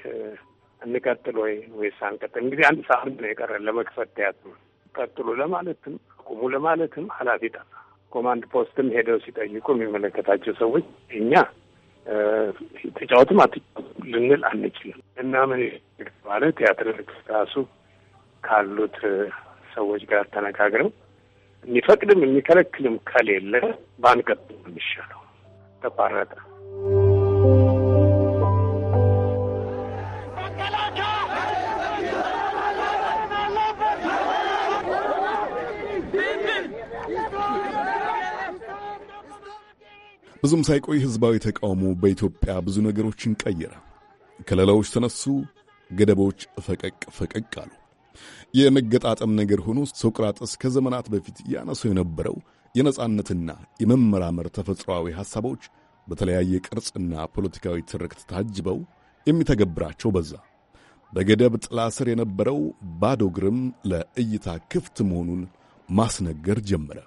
እንቀጥል ወይ ወይስ አንቀጥል? እንግዲህ አንድ ሳምንት ነው የቀረን ለመክፈት ቲያትሩ። ቀጥሉ ለማለትም አቁሙ ለማለትም ኃላፊ ጠፋ። ኮማንድ ፖስትም ሄደው ሲጠይቁ የሚመለከታቸው ሰዎች እኛ ተጫወትም አትጫወትም ልንል አንችልም። እና ምን ማለት ቲያትር ራሱ ካሉት ሰዎች ጋር ተነጋግረው የሚፈቅድም የሚከለክልም ከሌለ ባንቀጥል የሚሻለው ተቋረጠ። ብዙም ሳይቆይ ሕዝባዊ ተቃውሞ በኢትዮጵያ ብዙ ነገሮችን ቀየረ። ከለላዎች ተነሱ፣ ገደቦች ፈቀቅ ፈቀቅ አሉ። የመገጣጠም ነገር ሆኖ ሶቅራጥስ ከዘመናት በፊት ያነሰው የነበረው የነጻነትና የመመራመር ተፈጥሯዊ ሐሳቦች በተለያየ ቅርጽና ፖለቲካዊ ትርክት ታጅበው የሚተገብራቸው በዛ። በገደብ ጥላ ስር የነበረው ባዶ እግርም ለእይታ ክፍት መሆኑን ማስነገር ጀመረ።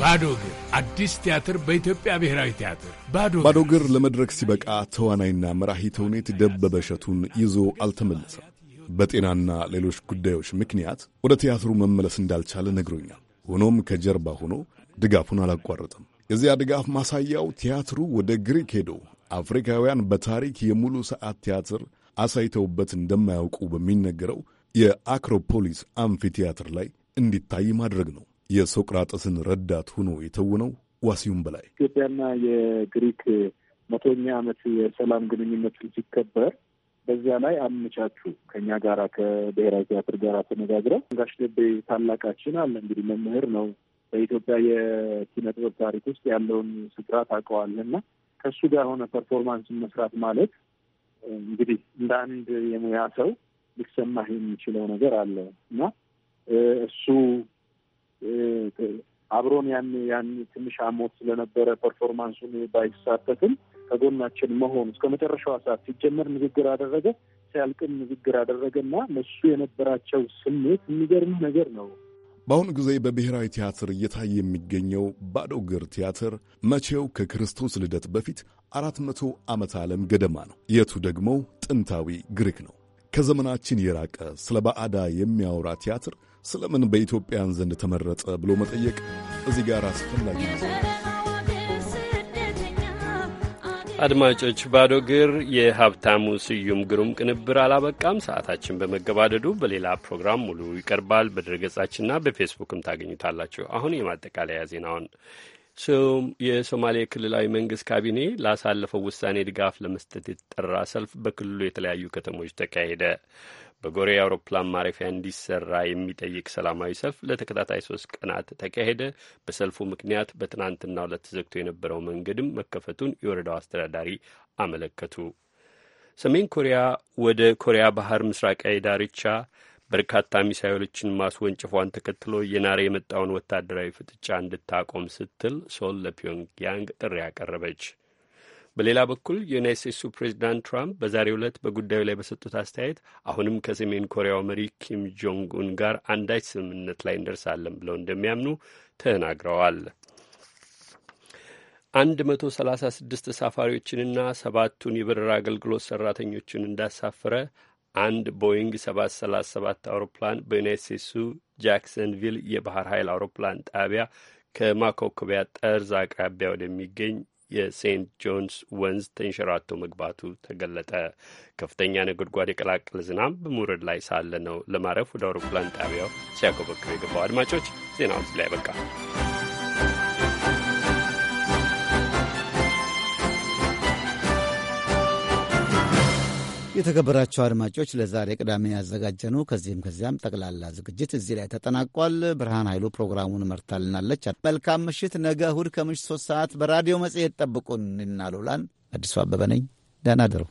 ባዶ እግር አዲስ ቲያትር በኢትዮጵያ ብሔራዊ ቲያትር። ባዶ እግር ለመድረክ ሲበቃ ተዋናይና መራሂ ተውኔት ደበበ እሸቱን ይዞ አልተመለሰም። በጤናና ሌሎች ጉዳዮች ምክንያት ወደ ቲያትሩ መመለስ እንዳልቻለ ነግሮኛል። ሆኖም ከጀርባ ሆኖ ድጋፉን አላቋረጠም። የዚያ ድጋፍ ማሳያው ቲያትሩ ወደ ግሪክ ሄዶ አፍሪካውያን በታሪክ የሙሉ ሰዓት ቲያትር አሳይተውበት እንደማያውቁ በሚነገረው የአክሮፖሊስ አምፊቲያትር ላይ እንዲታይ ማድረግ ነው። የሶቅራጠስን ረዳት ሆኖ የተውነው ዋሲዩም በላይ ኢትዮጵያና የግሪክ መቶኛ ዓመት የሰላም ግንኙነትን ሲከበር በዚያ ላይ አመቻቹ ከኛ ጋር ከብሔራዊ ቲያትር ጋር ተነጋግረው ጋሽ ደቤ ታላቃችን አለ እንግዲህ መምህር ነው። በኢትዮጵያ የኪነ ጥበብ ታሪክ ውስጥ ያለውን ስፍራ ታውቀዋለህ እና ከእሱ ጋር የሆነ ፐርፎርማንስ መስራት ማለት እንግዲህ እንደ አንድ የሙያ ሰው ሊሰማህ የሚችለው ነገር አለ እና እሱ አብሮን ያን ያን ትንሽ አሞት ስለነበረ ፐርፎርማንሱን ባይሳተፍም ከጎናችን መሆኑ እስከ መጨረሻዋ ሰዓት ሲጀመር ንግግር አደረገ፣ ሲያልቅም ንግግር አደረገ እና ለሱ የነበራቸው ስሜት የሚገርም ነገር ነው። በአሁኑ ጊዜ በብሔራዊ ቲያትር እየታየ የሚገኘው ባዶ እግር ቲያትር መቼው ከክርስቶስ ልደት በፊት አራት መቶ ዓመት ዓለም ገደማ ነው። የቱ ደግሞ ጥንታዊ ግሪክ ነው። ከዘመናችን የራቀ ስለ ባዕዳ የሚያወራ ቲያትር ስለምን በኢትዮጵያን ዘንድ ተመረጠ ብሎ መጠየቅ እዚህ ጋር አስፈላጊ ነው። አድማጮች ባዶ እግር የሀብታሙ ስዩም ግሩም ቅንብር አላበቃም። ሰዓታችን በመገባደዱ በሌላ ፕሮግራም ሙሉ ይቀርባል። በድረገጻችንና በፌስቡክም ታገኙታላችሁ። አሁን የማጠቃለያ ዜናውን የሶማሌ ክልላዊ መንግስት ካቢኔ ላሳለፈው ውሳኔ ድጋፍ ለመስጠት የተጠራ ሰልፍ በክልሉ የተለያዩ ከተሞች ተካሄደ። በጎሬ አውሮፕላን ማረፊያ እንዲሰራ የሚጠይቅ ሰላማዊ ሰልፍ ለተከታታይ ሶስት ቀናት ተካሄደ። በሰልፉ ምክንያት በትናንትናው ዕለት ተዘግቶ የነበረው መንገድም መከፈቱን የወረዳው አስተዳዳሪ አመለከቱ። ሰሜን ኮሪያ ወደ ኮሪያ ባህር ምስራቃዊ ዳርቻ በርካታ ሚሳይሎችን ማስወንጭፏን ተከትሎ የናረ የመጣውን ወታደራዊ ፍጥጫ እንድታቆም ስትል ሶል ለፒዮንግያንግ ጥሪ ያቀረበች በሌላ በኩል የዩናይት ስቴትሱ ፕሬዚዳንት ትራምፕ በዛሬው ዕለት በጉዳዩ ላይ በሰጡት አስተያየት አሁንም ከሰሜን ኮሪያው መሪ ኪም ጆንግ ኡን ጋር አንዳች ስምምነት ላይ እንደርሳለን ብለው እንደሚያምኑ ተናግረዋል። አንድ መቶ ስድስት ተሳፋሪዎችንና ሰባቱን የበረራ አገልግሎት ሰራተኞችን እንዳሳፈረ አንድ ቦይንግ 737 አውሮፕላን በዩናይት ስቴትሱ ጃክሰንቪል የባህር ኃይል አውሮፕላን ጣቢያ ከማኮኮቢያ ጠርዝ አቅራቢያ ወደሚገኝ የሴንት ጆንስ ወንዝ ተንሸራቶ መግባቱ ተገለጠ። ከፍተኛ ነጎድጓድ የቀላቀለ ዝናብ በመውረድ ላይ ሳለ ነው ለማረፍ ወደ አውሮፕላን ጣቢያው ሲያኮበክብ የገባው። አድማጮች ዜናውን ላይ ያበቃ። የተከበራቸው አድማጮች ለዛሬ ቅዳሜ ያዘጋጀነው ከዚህም ከዚያም ጠቅላላ ዝግጅት እዚህ ላይ ተጠናቋል። ብርሃን ኃይሉ ፕሮግራሙን መርታልናለች። መልካም ምሽት። ነገ እሁድ ከምሽት ሶስት ሰዓት በራዲዮ መጽሔት ጠብቁን። እናሉላን አዲሱ አበበ ነኝ። ደህና ደሩ።